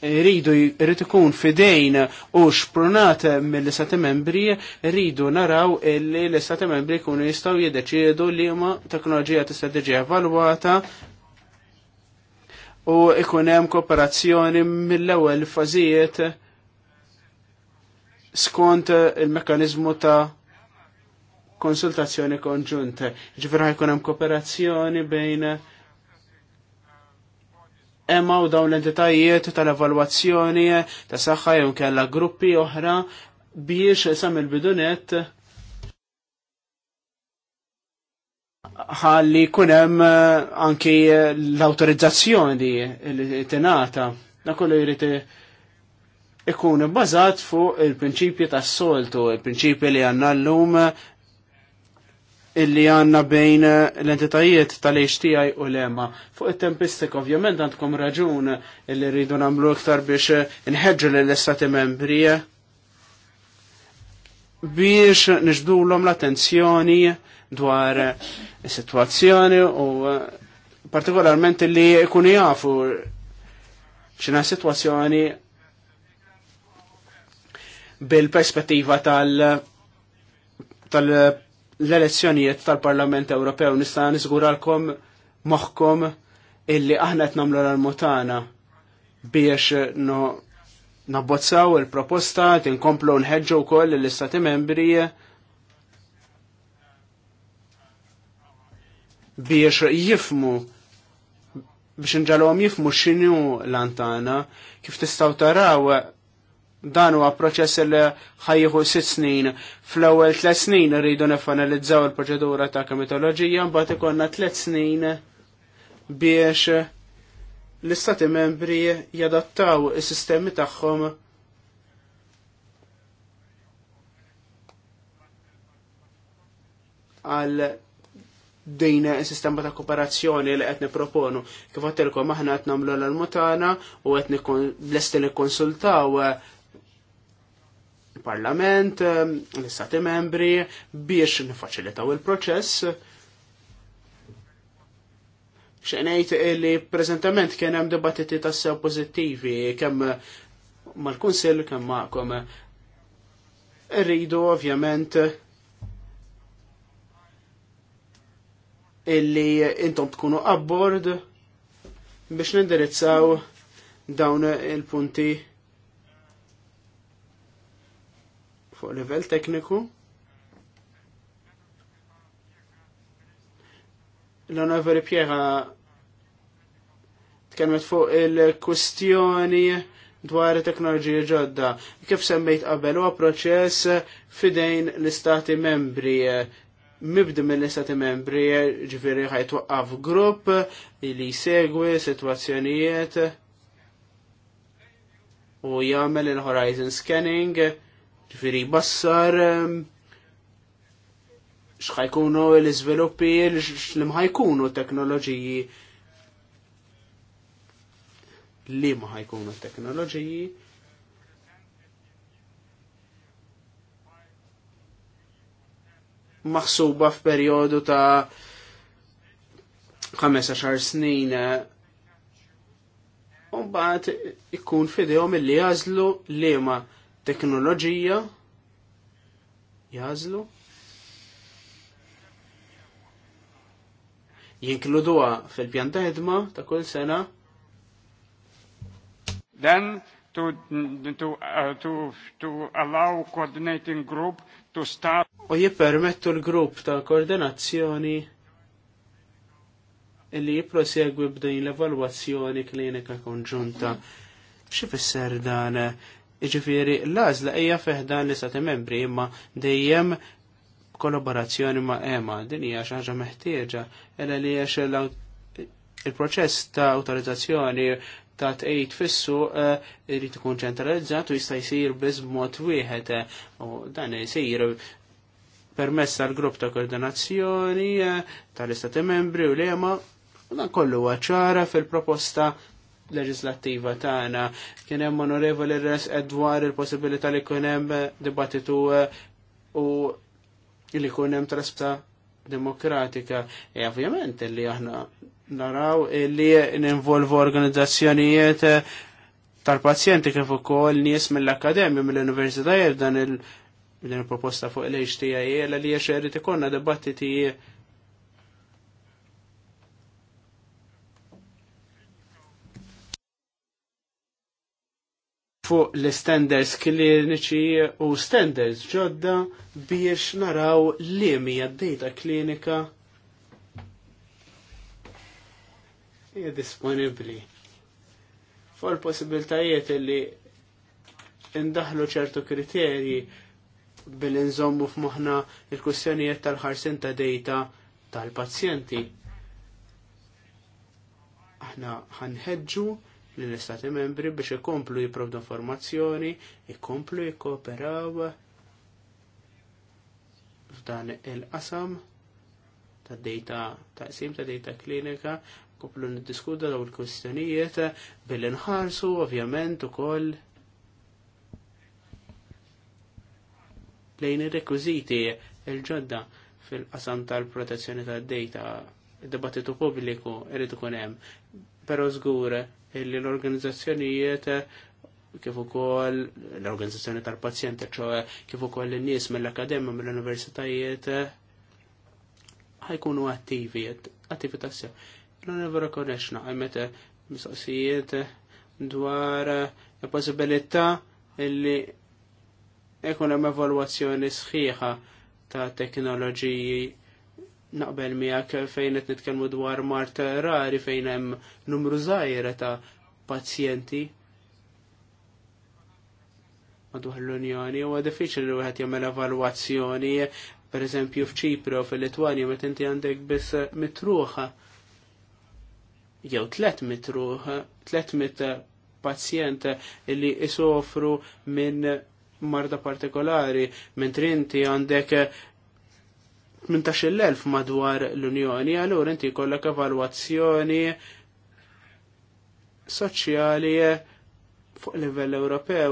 rridu jrid ikun fidejn u xprunat mill-istati membri rridu naraw li l-istati membri jkunu jistgħu jiddeċiedu li ma teknoloġija tista' tiġi evalwata u ikun hemm kooperazzjoni mill-ewwel fażijiet skont il-mekkaniżmu ta' konsultazzjoni konġunta. Ġifier ħajkun hemm kooperazzjoni bejn emma u dawn l-entitajiet tal-evalwazzjoni ta' saħħa jew kella gruppi oħra biex sam il-bidunet ħalli kunem eh, anki l-autorizzazzjoni li tenata. Da kollu ikun bazat fuq il-prinċipji tas-soltu, il-prinċipji li għandna llum illi għanna bejn l-entitajiet tal-HTI u l-EMA. Fuq il-tempistik ovvjament għandkom raġun illi rridu namlu iktar biex nħedġu l-istati membri biex nġdu l-om l-attenzjoni dwar situazzjoni u partikolarment illi ikunu jafu ċina situazzjoni bil-perspettiva tal- tal l-elezzjonijiet tal-Parlament Ewropew nista' niżguralkom moħħkom illi aħna qed nagħmlu l-mutana biex no nabbozzaw il-proposta tinkomplu nħeġġu wkoll l-istati membri biex jifmu biex inġalhom jifmu x'inhu l-antana kif tistgħu taraw Dan huwa proċess li ħajjieħu sitt snin. Fl-ewwel tliet snin irridu nifanalizzaw il-proċedura ta' komitoloġija, mbagħad ikollna tliet snin biex l-istati membri jadattaw is-sistemi tagħhom għal din sistema ta' kooperazzjoni li qed nipproponu. Kif għattilkom aħna qed nagħmlu l-mutana u qed lesti nikkonsultaw il-Parlament, ehm, l-Istati membri biex nifaċilitaw il-proċess. Xenejt li prezentament kien hemm dibattiti tas-sew pożittivi kemm mal-Kunsill kemm magħkom. Rridu ovvjament illi intom tkunu abbord biex nindirizzaw dawn il-punti fuq livell tekniku. L-onorevoli Piera tkellmet fuq il-kwestjoni dwar teknoloġija ġodda. Kif semmejt qabel huwa proċess fidejn l-istati membri mibdi mill-istati membri ġifiri ħajtwaqqaf grupp li segwi situazzjonijiet u jagħmel il-horizon scanning Ġifiri bassar xħajkunu l-izviluppi x'limħajkunu teknoloġiji li ma ħajkunu teknoloġiji maħsuba f'perjodu ta' 15 snin eh, Umbaħt ikkun fidejom il-li jazlu li ma' teknoloġija jażlu jinkluduha fil-pjan ta' ta' kull sena. Then to, to, uh, to, to allow coordinating group to start. U jippermettu l-grupp ta' koordinazzjoni illi jiprosegwi b'din l-evalwazzjoni klinika konġunta. Xi fisser dan Iġifiri, l-għazla feħda feħdan li sati membri imma dejjem kollaborazzjoni ma' EMA, din hija xi ħaġa meħtieġa, ela li għax il-proċess ta' autorizzazzjoni ta' tqejt fissu eh, irid ikun ċentralizzat u jista' jsir biss b'mod wieħed u dan jsir permess tal-grupp ta' koordinazzjoni eh, tal-istati membri u l-EMA u dan kollu ċara fil-proposta leġislattiva tagħna. Kien hemm onorevoli res dwar il-possibilità li jkun hemm dibattitu eh, u li jkun hemm trasta demokratika. E ovvjament li aħna naraw li ninvolvu organizzazzjonijiet eh, tal-pazjenti kif ukoll nies mill-akkademja mill-universitajiet dan il- proposta fuq l htia li jaxerri tikonna dibattiti fuq l-standards kliniċi u standards ġodda biex naraw li mija d-data klinika hija disponibli. Fuq l-possibiltajiet li indaħlu ċertu kriterji bil-inżommu f'moħna il-kussjonijiet tal-ħarsin ta' data tal-pazjenti. Aħna ħanħedġu l-istati membri biex ikomplu jiprovdu informazzjoni, ikomplu jikkooperaw f'dan il-qasam ta' data taqsim ta' data klinika, koplu niddiskuta daw il-kwistjonijiet bil-inħarsu ovvjament ukoll lejn ir-rekwiżiti il-ġodda fil-qasam tal-protezzjoni tad-data id debattitu pubbliku irid ikun hemm pero żgur illi l-organizzazzjonijiet kif ukoll l-organizzazzjoni tal-pazjenti, ċoħe kif ukoll in-nies mill-akademja mill-universitajiet ħajkunu attivi, attivi tassew. L-Univera Konexna għajmet mistoqsijiet dwar possibilità illi ikun hemm evalwazzjoni sħiħa ta' teknoloġiji naqbel miegħek fejn qed nitkellmu dwar mart rari fejn hemm numru żgħira ta' pazjenti madwar l-Unjoni huwa diffiċli li wieħed jagħmel evalwazzjoni pereżempju f'Ċipru fil-Litwanja meta inti għandek biss mitruħa jew tlet mitruħ, tlet mit pazjent li isofru minn marda partikolari, mentri inti għandek 18,000 madwar l-Unjoni, għallur inti kollek evalwazzjoni soċjali fuq livell Ewropew,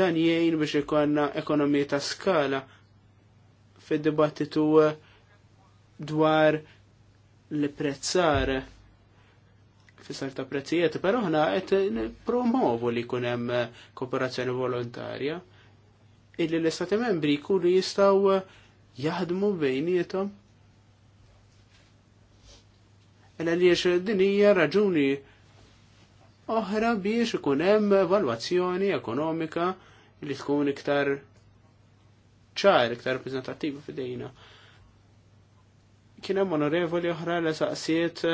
dan jgħin biex ikonna ekonomi ta' skala fid-dibattitu dwar l-prezzar fissar ta' prezzijiet, pero ħna qed promovu li jkun hemm kooperazzjoni volontarja illi l-Istati membri jkunu jistgħu jaħdmu bejnietom. Ela għaliex din hija raġuni oħra biex ikun hemm evalwazzjoni ekonomika li tkun iktar ċar, iktar rappresentattiva fidejna. Kien hemm onorevoli oħra li saqsiet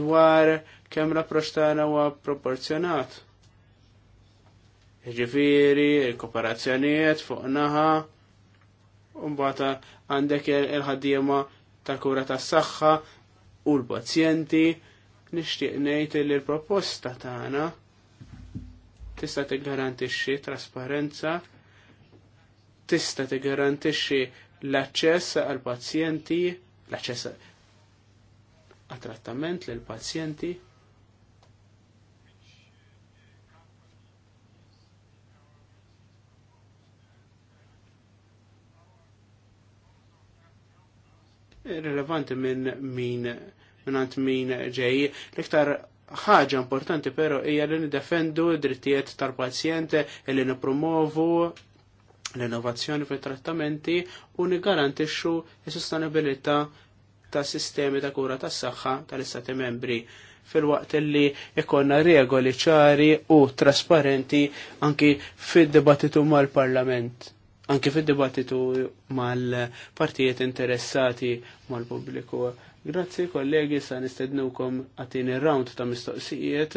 dwar kemm l-approċċ tagħna huwa proporzjonat. Ġifieri, kooperazzjonijiet fuq naħa, Umbata għandek il-ħaddiema er, tal-kura tas-saħħa u l-pazjenti nixtieq ngħid li l-proposta tagħna tista' tiggarantixxi trasparenza, tista' tiggarantixxi l-aċċess għal pazjenti, l-aċċess għal trattament l pazjenti relevanti minn min minn min ġej. L-iktar ħaġa importanti però hija li nidefendu drittijiet tal-pazjent li nipromovu l-innovazzjoni fil trattamenti u nigarantixxu s-sostenibilità ta' sistemi ta' kura tas saħħa tal-Istati membri fil-waqt li ikonna regoli ċari u trasparenti anki fid-dibattitu mal-Parlament anke fil dibattitu mal-partijiet interessati mal-pubbliku. Grazzi kollegi sa nistednukom għatini round ta' mistoqsijiet.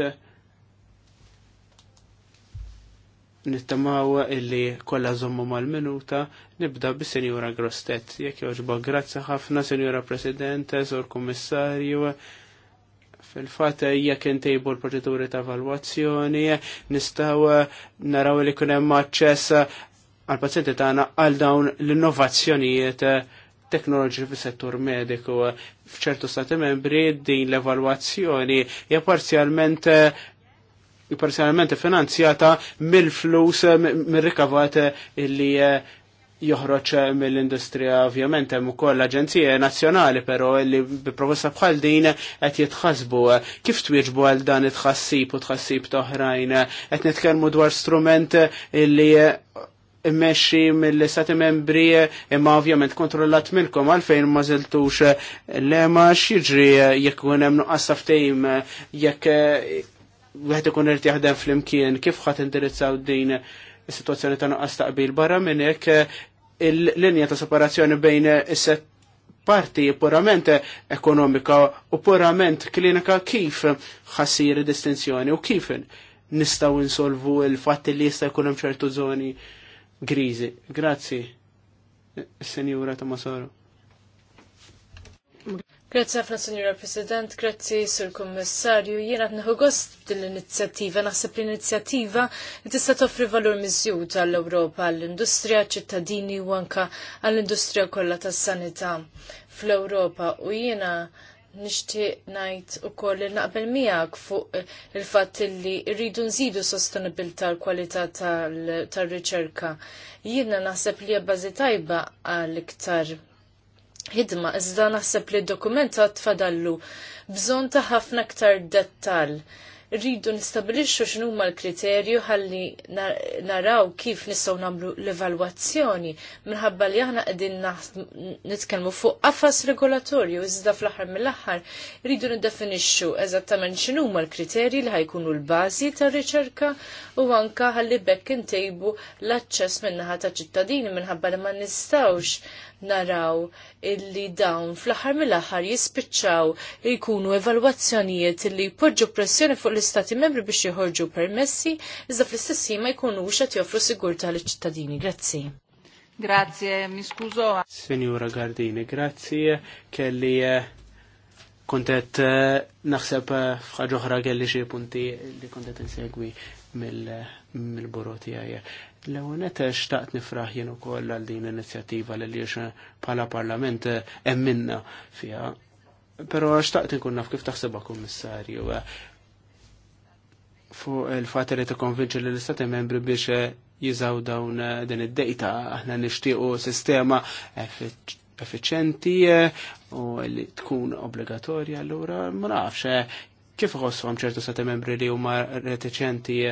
Nittamaw illi kolla zommu mal-minuta, nibda bis senjura Grostet, jek joġba grazzi ħafna senjura President, Sor Kommissarju, fil-fat jekk intejbu l-proċeduri ta' valwazzjoni, nistaw naraw li kunem maċċess għal-pazjenti tagħna għal dawn l-innovazzjonijiet eh, teknoloġi fis-settur mediku. F'ċertu stati membri din l-evalwazzjoni hija parzjalment eh, parzjalment finanzjata mill-flus eh, mir-rikavat illi joħroġ mill-industrija ovvjament hemm ukoll aġenzija nazzjonali però li bi proposta bħal din qed jitħasbu. Kif twieġbu għal dan it-tħassib u tħassib toħrajn qed nitkellmu dwar strument illi immexxi mill-istati membri imma ovvjament kontrollat minnkom għalfejn ma żiltux eh, lema x'jiġri eh, jekk ikun hemm nuqqas saftejm eh, jekk wieħed ikun irid jaħdem flimkien kif ħadd indirizzaw din is-sitwazzjoni ta' nuqqas taqbil barra minn hekk il-linja ta' separazzjoni bejn is-set parti purament ekonomika u purament klinika kif ħassir distinzjoni u kif nistaw insolvu il-fatt li jista' jkun hemm ċertu żoni Grizi. Grazzi, Senjura Tomasoro. Grazzi għafna, Senjura President, grazzi Sur Kommissarju. Jiena t gost dil-inizjattiva, naħseb l-inizjattiva li tista' toffri valur miżjud għall europa għall-industrija, ċittadini u anka għall-industrija kollha tas-sanità fl-Ewropa. U jiena najt ngħid ukoll li naqbel miegħek fuq eh, il-fatt li rridu nżidu sostenibilità l-kwalità tar-riċerka. Jiena naħseb li hija bażi tajba għal iktar ħidma, iżda naħseb li d tfadallu bżonn ta' ħafna iktar dettall rridu nistabilixxu x'inhu huma l-kriterju ħalli naraw kif nistgħu nagħmlu l-evalwazzjoni minħabba li aħna qegħdin nitkellmu fuq qafas regolatorju iżda fl-aħħar mill-aħħar rridu niddefinixxu eżattament x'inhu huma l-kriterji li ħajkunu l-bażi tar-riċerka u anke ħalli bekk intejbu l-aċċess min-naħa ta' ċittadini minħabba li ma nistgħux naraw illi dawn fl-aħħar mill-aħħar jispiċċaw jkunu evalwazzjonijiet illi jpoġġu pressjoni fuq l-istati membri biex jħorġu permessi, iżda fl-istess ma jkunu qed joffru sigurta l ċittadini Grazzi. Grazie, eh, mi skużo. Signora Gardini, grazie kelli eh, kontet eh, naħseb fħagħuħra kelli xie punti li kontet insegwi mill-buro għajja. L-għonet xtaqt nifraħ jenu koll għal din inizjativa li li pala parlament emminna fija. Pero xtaqt nkun naf kif taħseba kummissarju fuq il-fat li tikkonvinċi li l-istati membri biex eh, jizaw dawn eh, din id-dejta aħna nixtiequ sistema effiċenti eh, u li tkun obbligatorja allura ma nafx kif ħossuhom ċertu stati membri li huma reticenti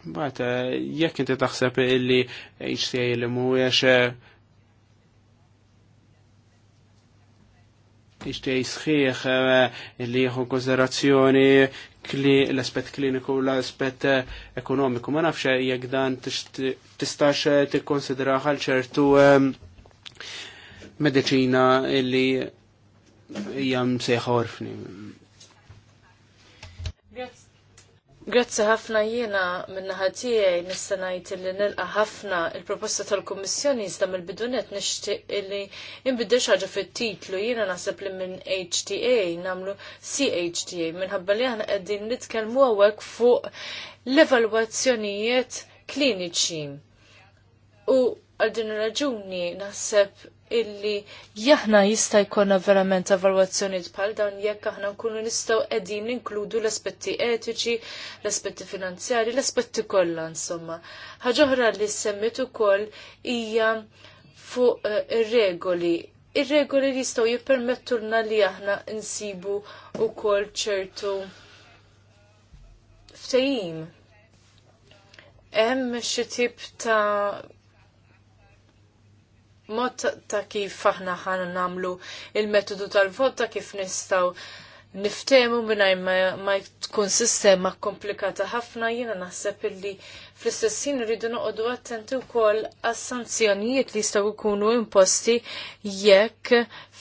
Bata, jekk inti taħseb illi HCA li mhuwiex iġtej sħiħ eh, li jħu konsiderazzjoni l-aspet kliniku u l-aspet eh, ekonomiku. Ma nafx jekk dan tistax eh, t għal ċertu medicina li jam sejħa orfni. Grazzi ħafna jiena minnaħa tiegħi nista' ngħid li nilqa' ħafna il-proposta tal-Kummissjoni iżda mill-bidunet nixtieq illi inbidel ħaġa fit-titlu jiena naħseb li minn HTA nagħmlu CHTA minħabba li aħna qegħdin nitkellmu hawnhekk fuq l-evalwazzjonijiet kliniċi. U għal din raġuni naħseb illi jahna jista' jkollna verament evalwazzjoni bħal dawn jekk aħna nkunu nistgħu qegħdin ninkludu l-aspetti etiċi, l-aspetti finanzjari, l-aspetti kollha insomma. Ħaġa oħra li semmit ukoll hija fuq eh, ir-regoli. Ir-regoli li jistgħu jippermettulna li aħna nsibu ukoll ċertu ftehim. Hemm xi tip ta' mod ta' kif aħna ħana namlu il-metodu tal-vot ta' kif nistaw niftemu minnaj ma tkun sistema komplikata ħafna jiena naħseb illi fl-istessin rridu noqogħdu attenti wkoll għas-sanzjonijiet li jistgħu jkunu imposti jekk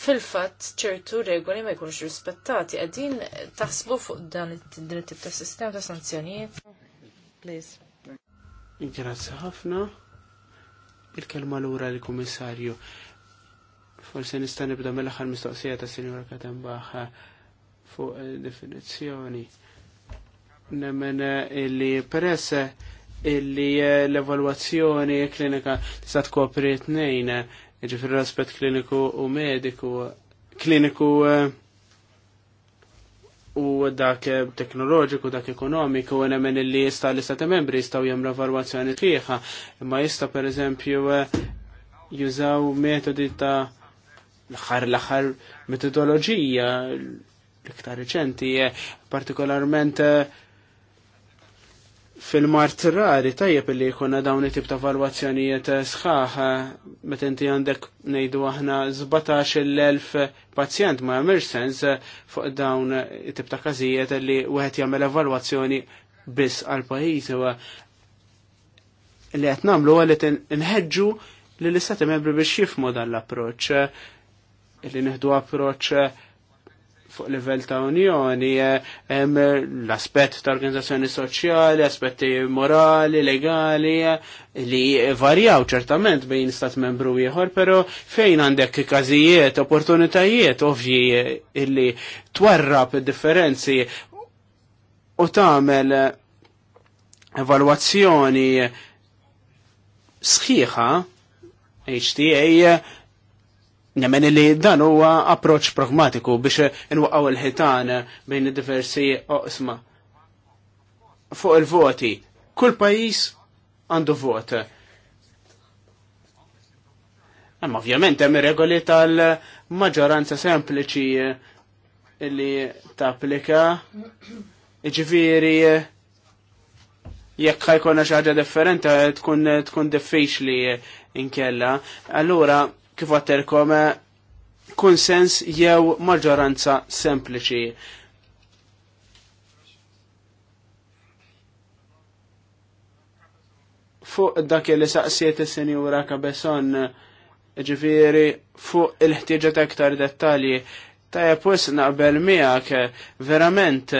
fil-fatt ċertu regoli ma jkunux rispettati. Qegħdin taħsbu fuq dan id-dritt ta' sistema ta' sanzjonijiet? Please. Grazie ħafna il-kelma lura l-Kummissarju. Forse nista' nibda mill-aħħar mistoqsija ta' Sinjora Katembaħ fuq definizzjoni. Nemmen eh, illi peress eh, illi eh, l-evalwazzjoni klinika tista' tkopri tnejn, ġifir l kliniku u mediku, kliniku u dak teknoloġiku, dak ekonomiku, u nemmen li jista l-istati membri jistaw l-evaluazzjoni fiħa, imma jista per eżempju eh, jużaw metodi ta' l ħar l ħar metodologija l-iktar reċenti, eh, partikolarment eh, fil-mart rari tajjeb li jkunna dawn it-tip ta' valwazzjonijiet sħaħ meta inti għandek ngħidu aħna 17,000 pazjent ma jagħmilx sens fuq dawn it-tip ta' każijiet li wieħed jagħmel evalwazzjoni biss għal pajjiż huwa li qed nagħmlu huwa li nħeġġu li l-istati membri biex jifmu dan l-approċċ li nieħdu approċċ fuq livell ta' unjoni hemm eh, l-aspett ta' organizzazzjoni soċjali, aspetti morali, legali eh, li varjaw ċertament bejn stat membru ieħor, però fejn għandek każijiet, opportunitajiet ovvji eh, illi twarrab differenzi u tagħmel evalwazzjoni sħiħa HTA Nemmen li dan huwa approċ pragmatiku biex inwaqgħu il-ħitan bejn id diversi oqsma. Fuq il-voti, kull pajjiż għandu vot. Ma ovvjament hemm regoli tal-maġġoranza sempliċi li tapplika. Ġifieri jekk ħajkonna xi ħaġa differenti tkun tkun diffiċli inkella. Allura kif għatterkom eh, konsens jew maġġoranza sempliċi. Fuq dak li saqsiet is-senjura Kabeson ġifiri fuq il-ħtieġa ta' aktar dettalji ta' wis naqbel miegħek verament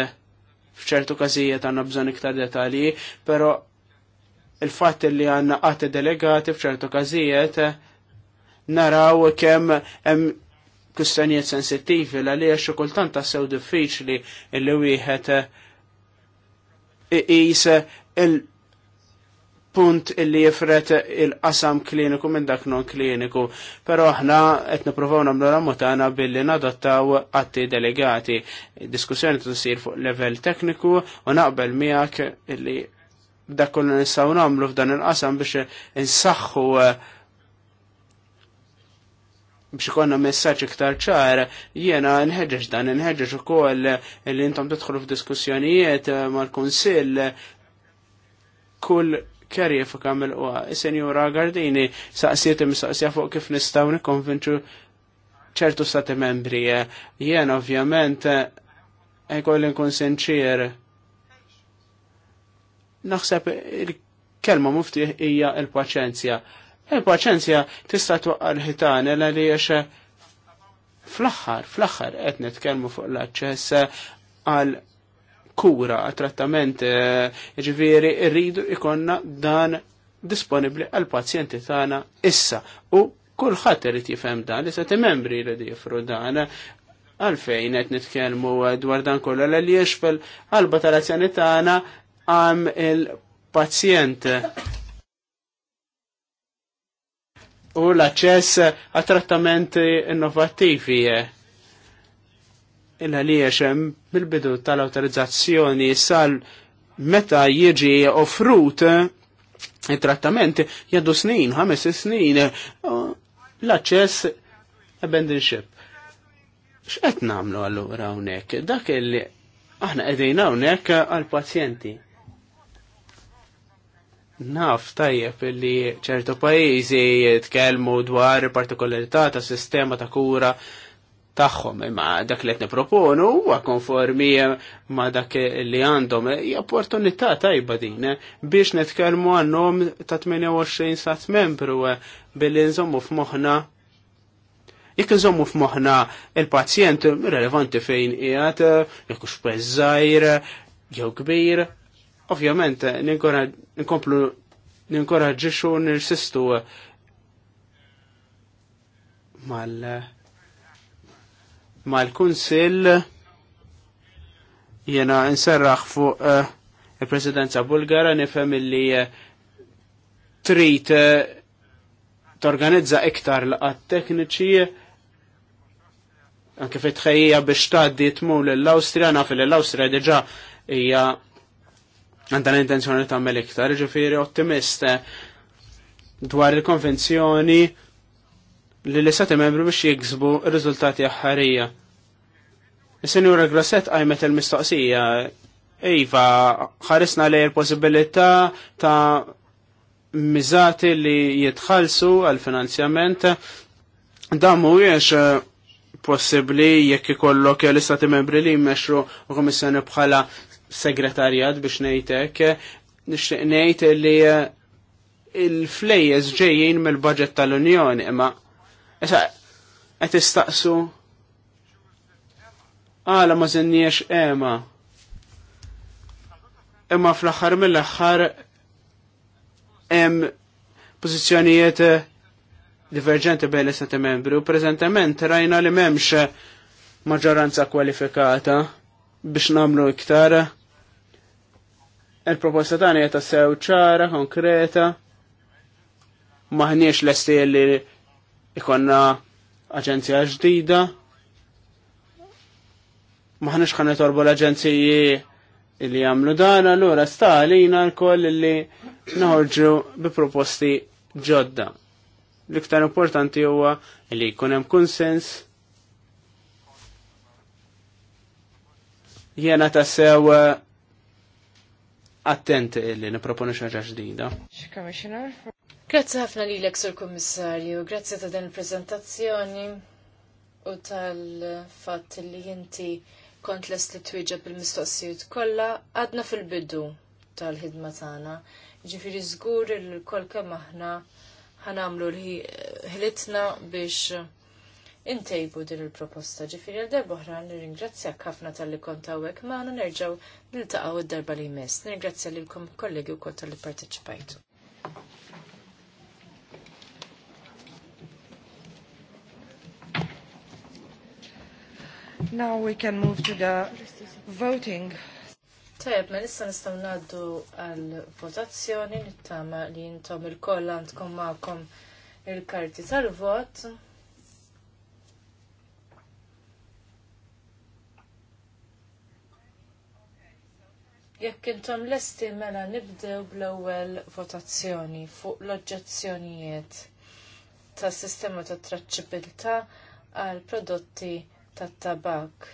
f'ċertu każijiet għandna bżonn iktar dettalji, però il-fatt li għandna qatt delegati f'ċertu każijiet naraw kemm hemm kustanijiet sensittivi li għaxu kultant tassew diffiċli li wieħed iqis il-punt illi jifret il-qasam kliniku minn dak non kliniku. Pero aħna qed nippruvaw nagħmlu ramutana billi nadottaw atti delegati. Diskussjoni tsir fuq level tekniku u naqbel miegħek illi dak kollu nistgħu nagħmlu f'dan il-qasam biex insaħħu uh, biex ikonna messaġġ iktar ċar, jiena nħeġġeġ dan, nħeġġeġ ukoll li intom tidħlu f'diskussjonijiet eh, mal-Kunsill kull kjarifika mill is Senjura Gardini saqsiet imsaqsija fuq kif nistgħu nikkonvinċu ċertu stati membri. Jiena ovvjament eh, ikoll nkun sinċir. Naħseb il-kelma muftiħ hija il-paċenzja. il paċenzja Il-paċenzja tista' twaqqa l-ħitan l-għalli għax fl-aħħar, fl-aħħar qed nitkellmu fuq l-aċċess għal kura, għal trattament, eh, ġviri, rridu ikonna dan disponibbli għal pazjenti tagħna issa u kulħadd irid jifhem dan li sati membri li jifru dan għalfejn qed nitkellmu dwar dan kollu l li jixfel tal-azzjoni tagħna għam il-pazjent u l-aċċess għat trattamenti innovattivi. Illa li jesem bil-bidu tal-autorizzazzjoni sal meta jiġi offrut il trattamenti jaddu snin, ħames snin, l-aċċess abandonship. X'qed namlu allura hawnhekk? Dak li aħna qegħdin hawnhekk għal-pazjenti. Naf tajjeb li ċertu pajjiżi jitkellmu dwar partikolarità ta' sistema ta' kura tagħhom imma dak li qed nipproponu huwa konformi ma' dak li għandhom hija opportunità tajba din biex nitkellmu għandhom ta' 28 sat membru billi nżommu f'moħħna jekk nżommu f'moħħna il-pazjent relevanti fejn qiegħed jekk hux żgħir jew kbir, Ovvjament, eh, ninkomplu ninkoraġġixu nirsistu eh, mal eh, mal-kunsil jena nserraħ fuq uh, il-presidenza bulgara nifhem li trid torganizza iktar laqat tekniċi anke fit tħejja biex tgħaddi tmur lill-Awstrija naf li l-Awstrija diġà hija għandan l-intenzjoni tagħmel iktar, ġifiri ottimist eh, dwar il-konvenzjoni li l-istati membri biex jiksbu r-riżultati aħħarija. Is-Senjura Grosset għajmet il-mistoqsija, Iva, ħarisna li l-possibilità ta' mizati li jitħalsu għal-finanzjament, da mhuwiex eh, possibbli jekk ikollok l-istati membri li jmexru komissjoni bħala segretarjat biex nejtek, nixtieq ngħid li eh, il-flejjes ġejjin mill-budget tal-Unjoni, imma issa qed istaqsu għala ah, ma zinniex ema. Eh, imma fl-aħħar mill-aħħar hemm pożizzjonijiet eh, diverġenti bejn l membri u preżentament rajna li m'hemmx maġġoranza kwalifikata biex namlu iktar il-proposta tagħna qed tassew ċara, konkreta, maħniex lesti li ikonna aġenzija ġdida, maħniex ħan torbu l-aġenziji li jagħmlu dan, allura stalina għalina l-koll li naħorġu bi proposti ġodda. L-iktar importanti huwa li jkun hemm konsens jena tassew attent illi niproponu xaġa ġdida. Grazzi ħafna li l sur Kommissarju, grazzi ta' din il-prezentazzjoni u tal-fatt li jinti kont lest li twieġa bil mistoqsijiet kollha għadna fil-bidu tal-ħidma tagħna. Ġifieri żgur il-kol kemm aħna ħanamlu l-ħilitna biex intejbu din il-proposta ġifiri għal-darba oħra nirringrazzjak ħafna tal-li kont hawnhekk magħna nerġgħu niltaqgħu id-darba li jmiss. Nirringrazzja kom kollegi wkoll tal-li parteċipajtu. Now we can move to the voting. Tajab, ma nista nistaw naddu għal-votazzjoni, nittama li jintom il-koll għandkom ma'kom il-karti tal-vot. Jekk intom lesti mela nibdew bl-ewwel votazzjoni fuq l-oġġezzjonijiet tas sistema ta' traċċibilità għal prodotti tat tabak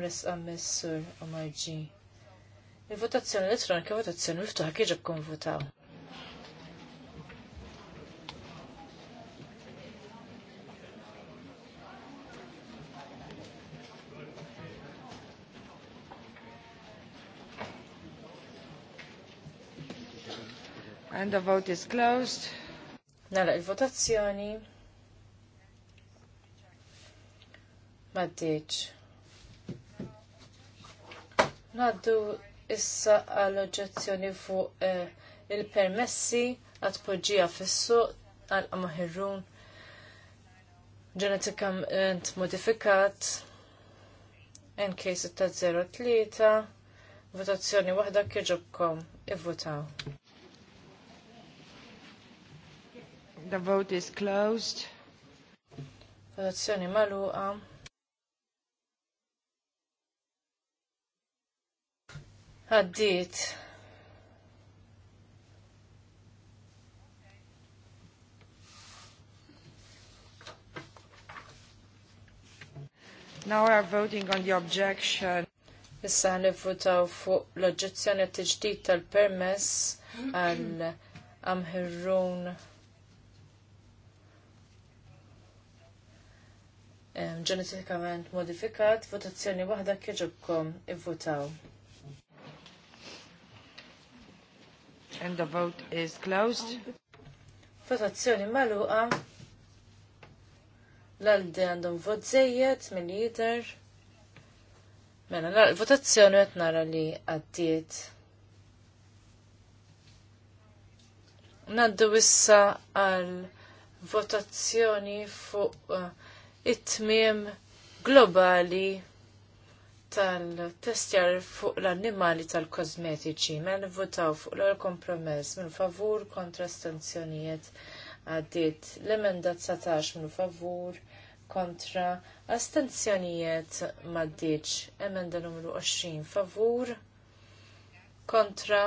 mresqa messur u marġi. Il-votazzjoni elettronika votazzjoni miftuħa kieġa konvotaw. And the vote is closed. Nara il-votazzjoni. Maddiċ. Naddu issa għall-oġġezzjoni fuq eh, il-permessi għat poġġija fis-suq għal amaħirrun ġenetikament modifikat case NK603 votazzjoni waħda kieġobkom i-votaw. The vote is closed. Votazzjoni maluqa. Għaddit. Now we are voting on the objection. Issa nivvutaw fuq l-oġġezzjoni t-ġdid tal-permess għal amħirrun ġenetikament modifikat, votazzjoni waħda kieġobkom ivvutaw. And the vote is closed. Votazzjoni maluqa. L-għaldi għandhom vot zejjed minn jider. Mela, l-votazzjoni għet nara li għaddiet. Naddu issa għal votazzjoni fuq uh, it-tmiem globali tal-testjar fuq l-annimali tal-kosmetiċi, ma mela nivvotaw fuq l-kompromess minn favur kontra stanzjonijiet għaddit l-emenda 19 minn favur kontra astenzjonijiet maddiċ emenda numru 20 favur kontra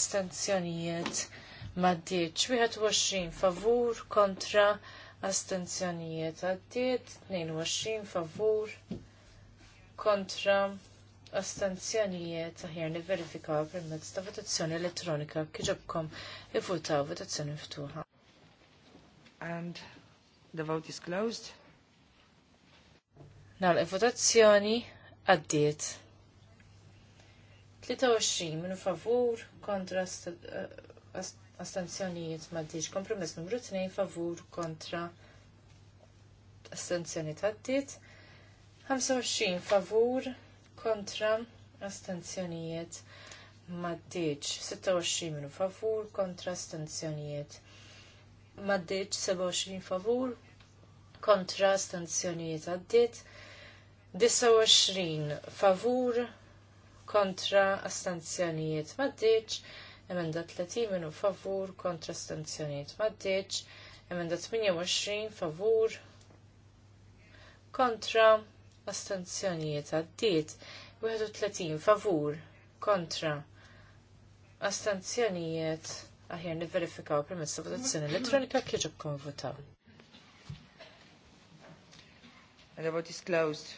astenzjonijiet maddiċ 21 favur kontra astenzjonijiet għaddiet, 22 favur kontra astenzjonijiet aħjar li verifikaw permezz ta' votazzjoni elettronika kieġobkom ivvutaw votazzjoni ftuħa. And the vote is closed. Nal votazzjoni għaddiet. 23 minn favur kontra astenzjonijiet eh, astenzjonijiet maddiċ kompromess numru 2 favur kontra astenzjoni taddit 25 favur kontra astenzjonijiet maddiċ 26 minu favur kontra astenzjonijiet maddiċ 27 favur kontra astenzjonijiet għaddit 29 favur kontra astenzjonijiet maddiċ emenda 30 minu favur kontra stanzjoniet maddeċ, emenda 28 favur kontra astanzjoniet għaddit, 31 favur kontra astanzjoniet aħjar niverifikaw permezz ta' votazzjoni elettronika kieġu konvotaw. And the vote is closed.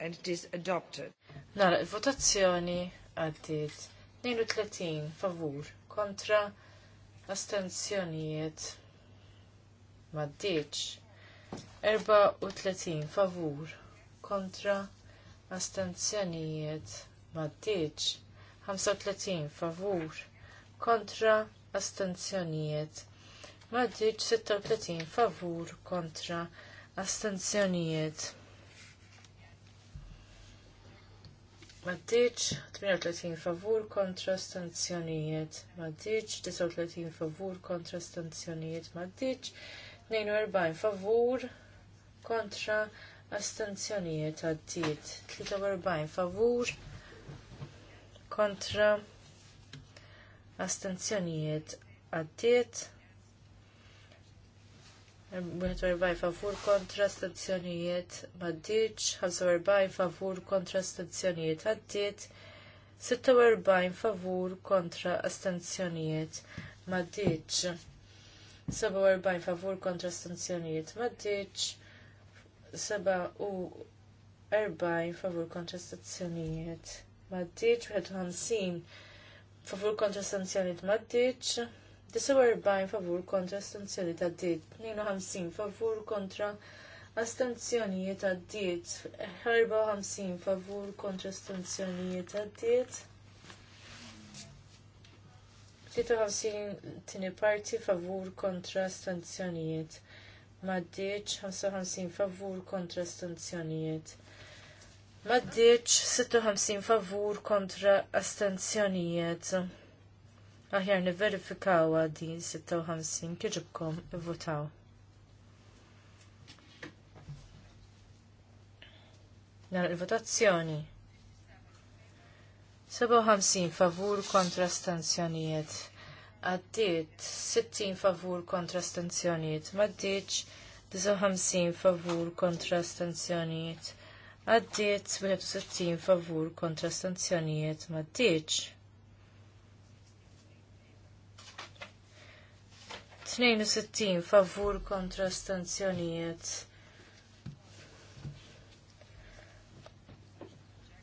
And it is adopted. Nara, votazzjoni għaddiet. 32 favur kontra astenzjonijiet maddiċ. 34 favur kontra astenzjonijiet maddiċ. 35 favur kontra astenzjonijiet maddiċ 36 favur kontra astenzjonijiet Maddiċ, 38 favur kontra stanzjonijiet. Maddiċ, 39 favur kontra stanzjonijiet. Maddiċ, 42 favur kontra astanzjonijiet għaddiet. 43 favur kontra astanzjonijiet għaddiet. 41 favur kontra stazzjonijiet maddiċ, 45 favur kontra stazzjonijiet għaddiet, 46 favur kontra astenzjonijiet maddiċ, 47 favur kontra astenzjonijiet maddiċ, 47 favur kontra stazzjonijiet maddiċ, 51 favur kontra stazzjonijiet maddiċ, 49 favur kontra astenzjoni ta' diet, 52 favur kontra astenzjonijiet ta' diet, 54 favur kontra astenzjonijiet ta' diet. 53 tini parti favur kontra stanzjonijiet. diet, 55 favur kontra stanzjonijiet. diet, 56 favur kontra astenzjonijiet. Aħjar niverifikaw din 56 kieġibkom votaw. Nar il-votazzjoni. 57 favur kontra stanzjonijiet. Għaddiet 60 favur kontra stanzjonijiet. Maddiċ 59 favur kontra stanzjonijiet. Għaddiet 61 favur kontra stanzjonijiet. Maddiċ 62 favur kontra stanzjonijiet.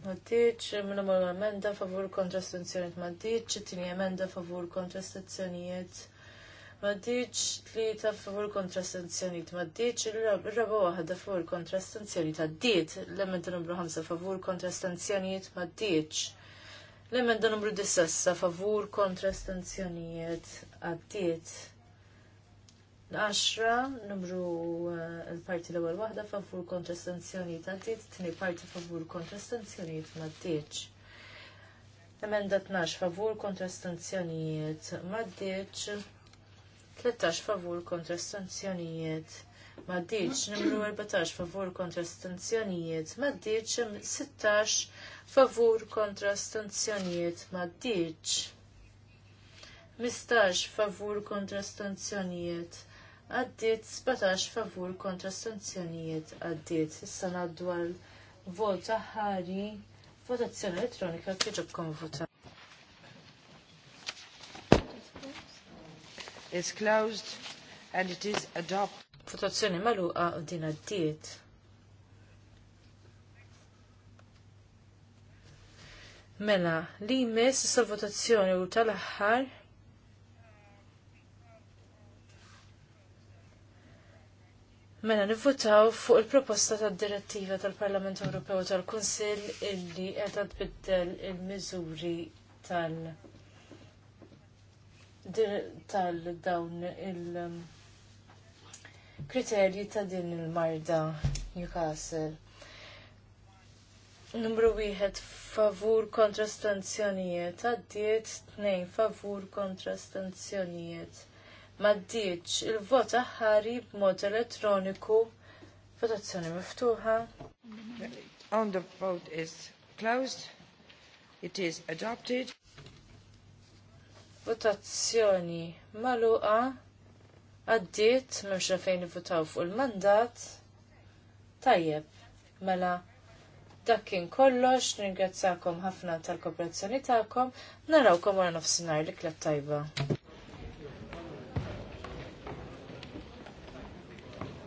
Maddiċ, minnum emenda favur kontra stanzjonijiet. Maddiċ, tini emenda favur kontra stanzjonijiet. Maddiċ, tlieta favur kontra stanzjonijiet. Maddiċ, il-raba wahda favur kontra stanzjonijiet. Addiet, l-emenda numru 5 favur kontra stanzjonijiet. Maddiċ. L-emenda numru 10 favur kontra stanzjonijiet. Addiet. Għaxra numru eh, l-parti l-ewwel waħda favur kontra sanzjonijiet għaddiet, tieni parti favur kontra sanzjonijiet m'għaddiex. Emenda 12 favur kontra ma m'għaddiex. 13 favur kontra stanzjonijiet. Maddiċ, numru 14 favur kontra stanzjonijiet. Maddiċ, 16 favur kontra stanzjonijiet. Maddiċ. 15 favur kontra stanzjonijiet għaddiet 17 favur kontra sanzjonijiet għaddiet. Issa ngħaddu għal vota ħari votazzjoni elettronika kieġob vota. It's closed and it is adopted. Votazzjoni magħluqa u din għaddiet. Mela, li jmiss is-votazzjoni u tal-aħħar Mela nivvotaw fuq il-proposta tad direttiva tal-Parlament Ewropew tal-Kunsill illi qed tbiddel il-miżuri tal- tal-dawn il-kriterji ta' din il-marda Newcastle. Numru wieħed favur kontra stanzjonijiet, għaddiet tnejn favur kontra stanzjonijiet maddiċ il-vot aħħari b'mod elettroniku votazzjoni miftuħa. On the vote is closed. It is adopted. Votazzjoni maluqa għaddiet memx fejn votaw fuq il-mandat. Tajjeb, mela dak kien kollox, ringrazzakom ħafna tal-kooperazzjoni tagħkom, narawkom wara nofsinhar li klab tajba.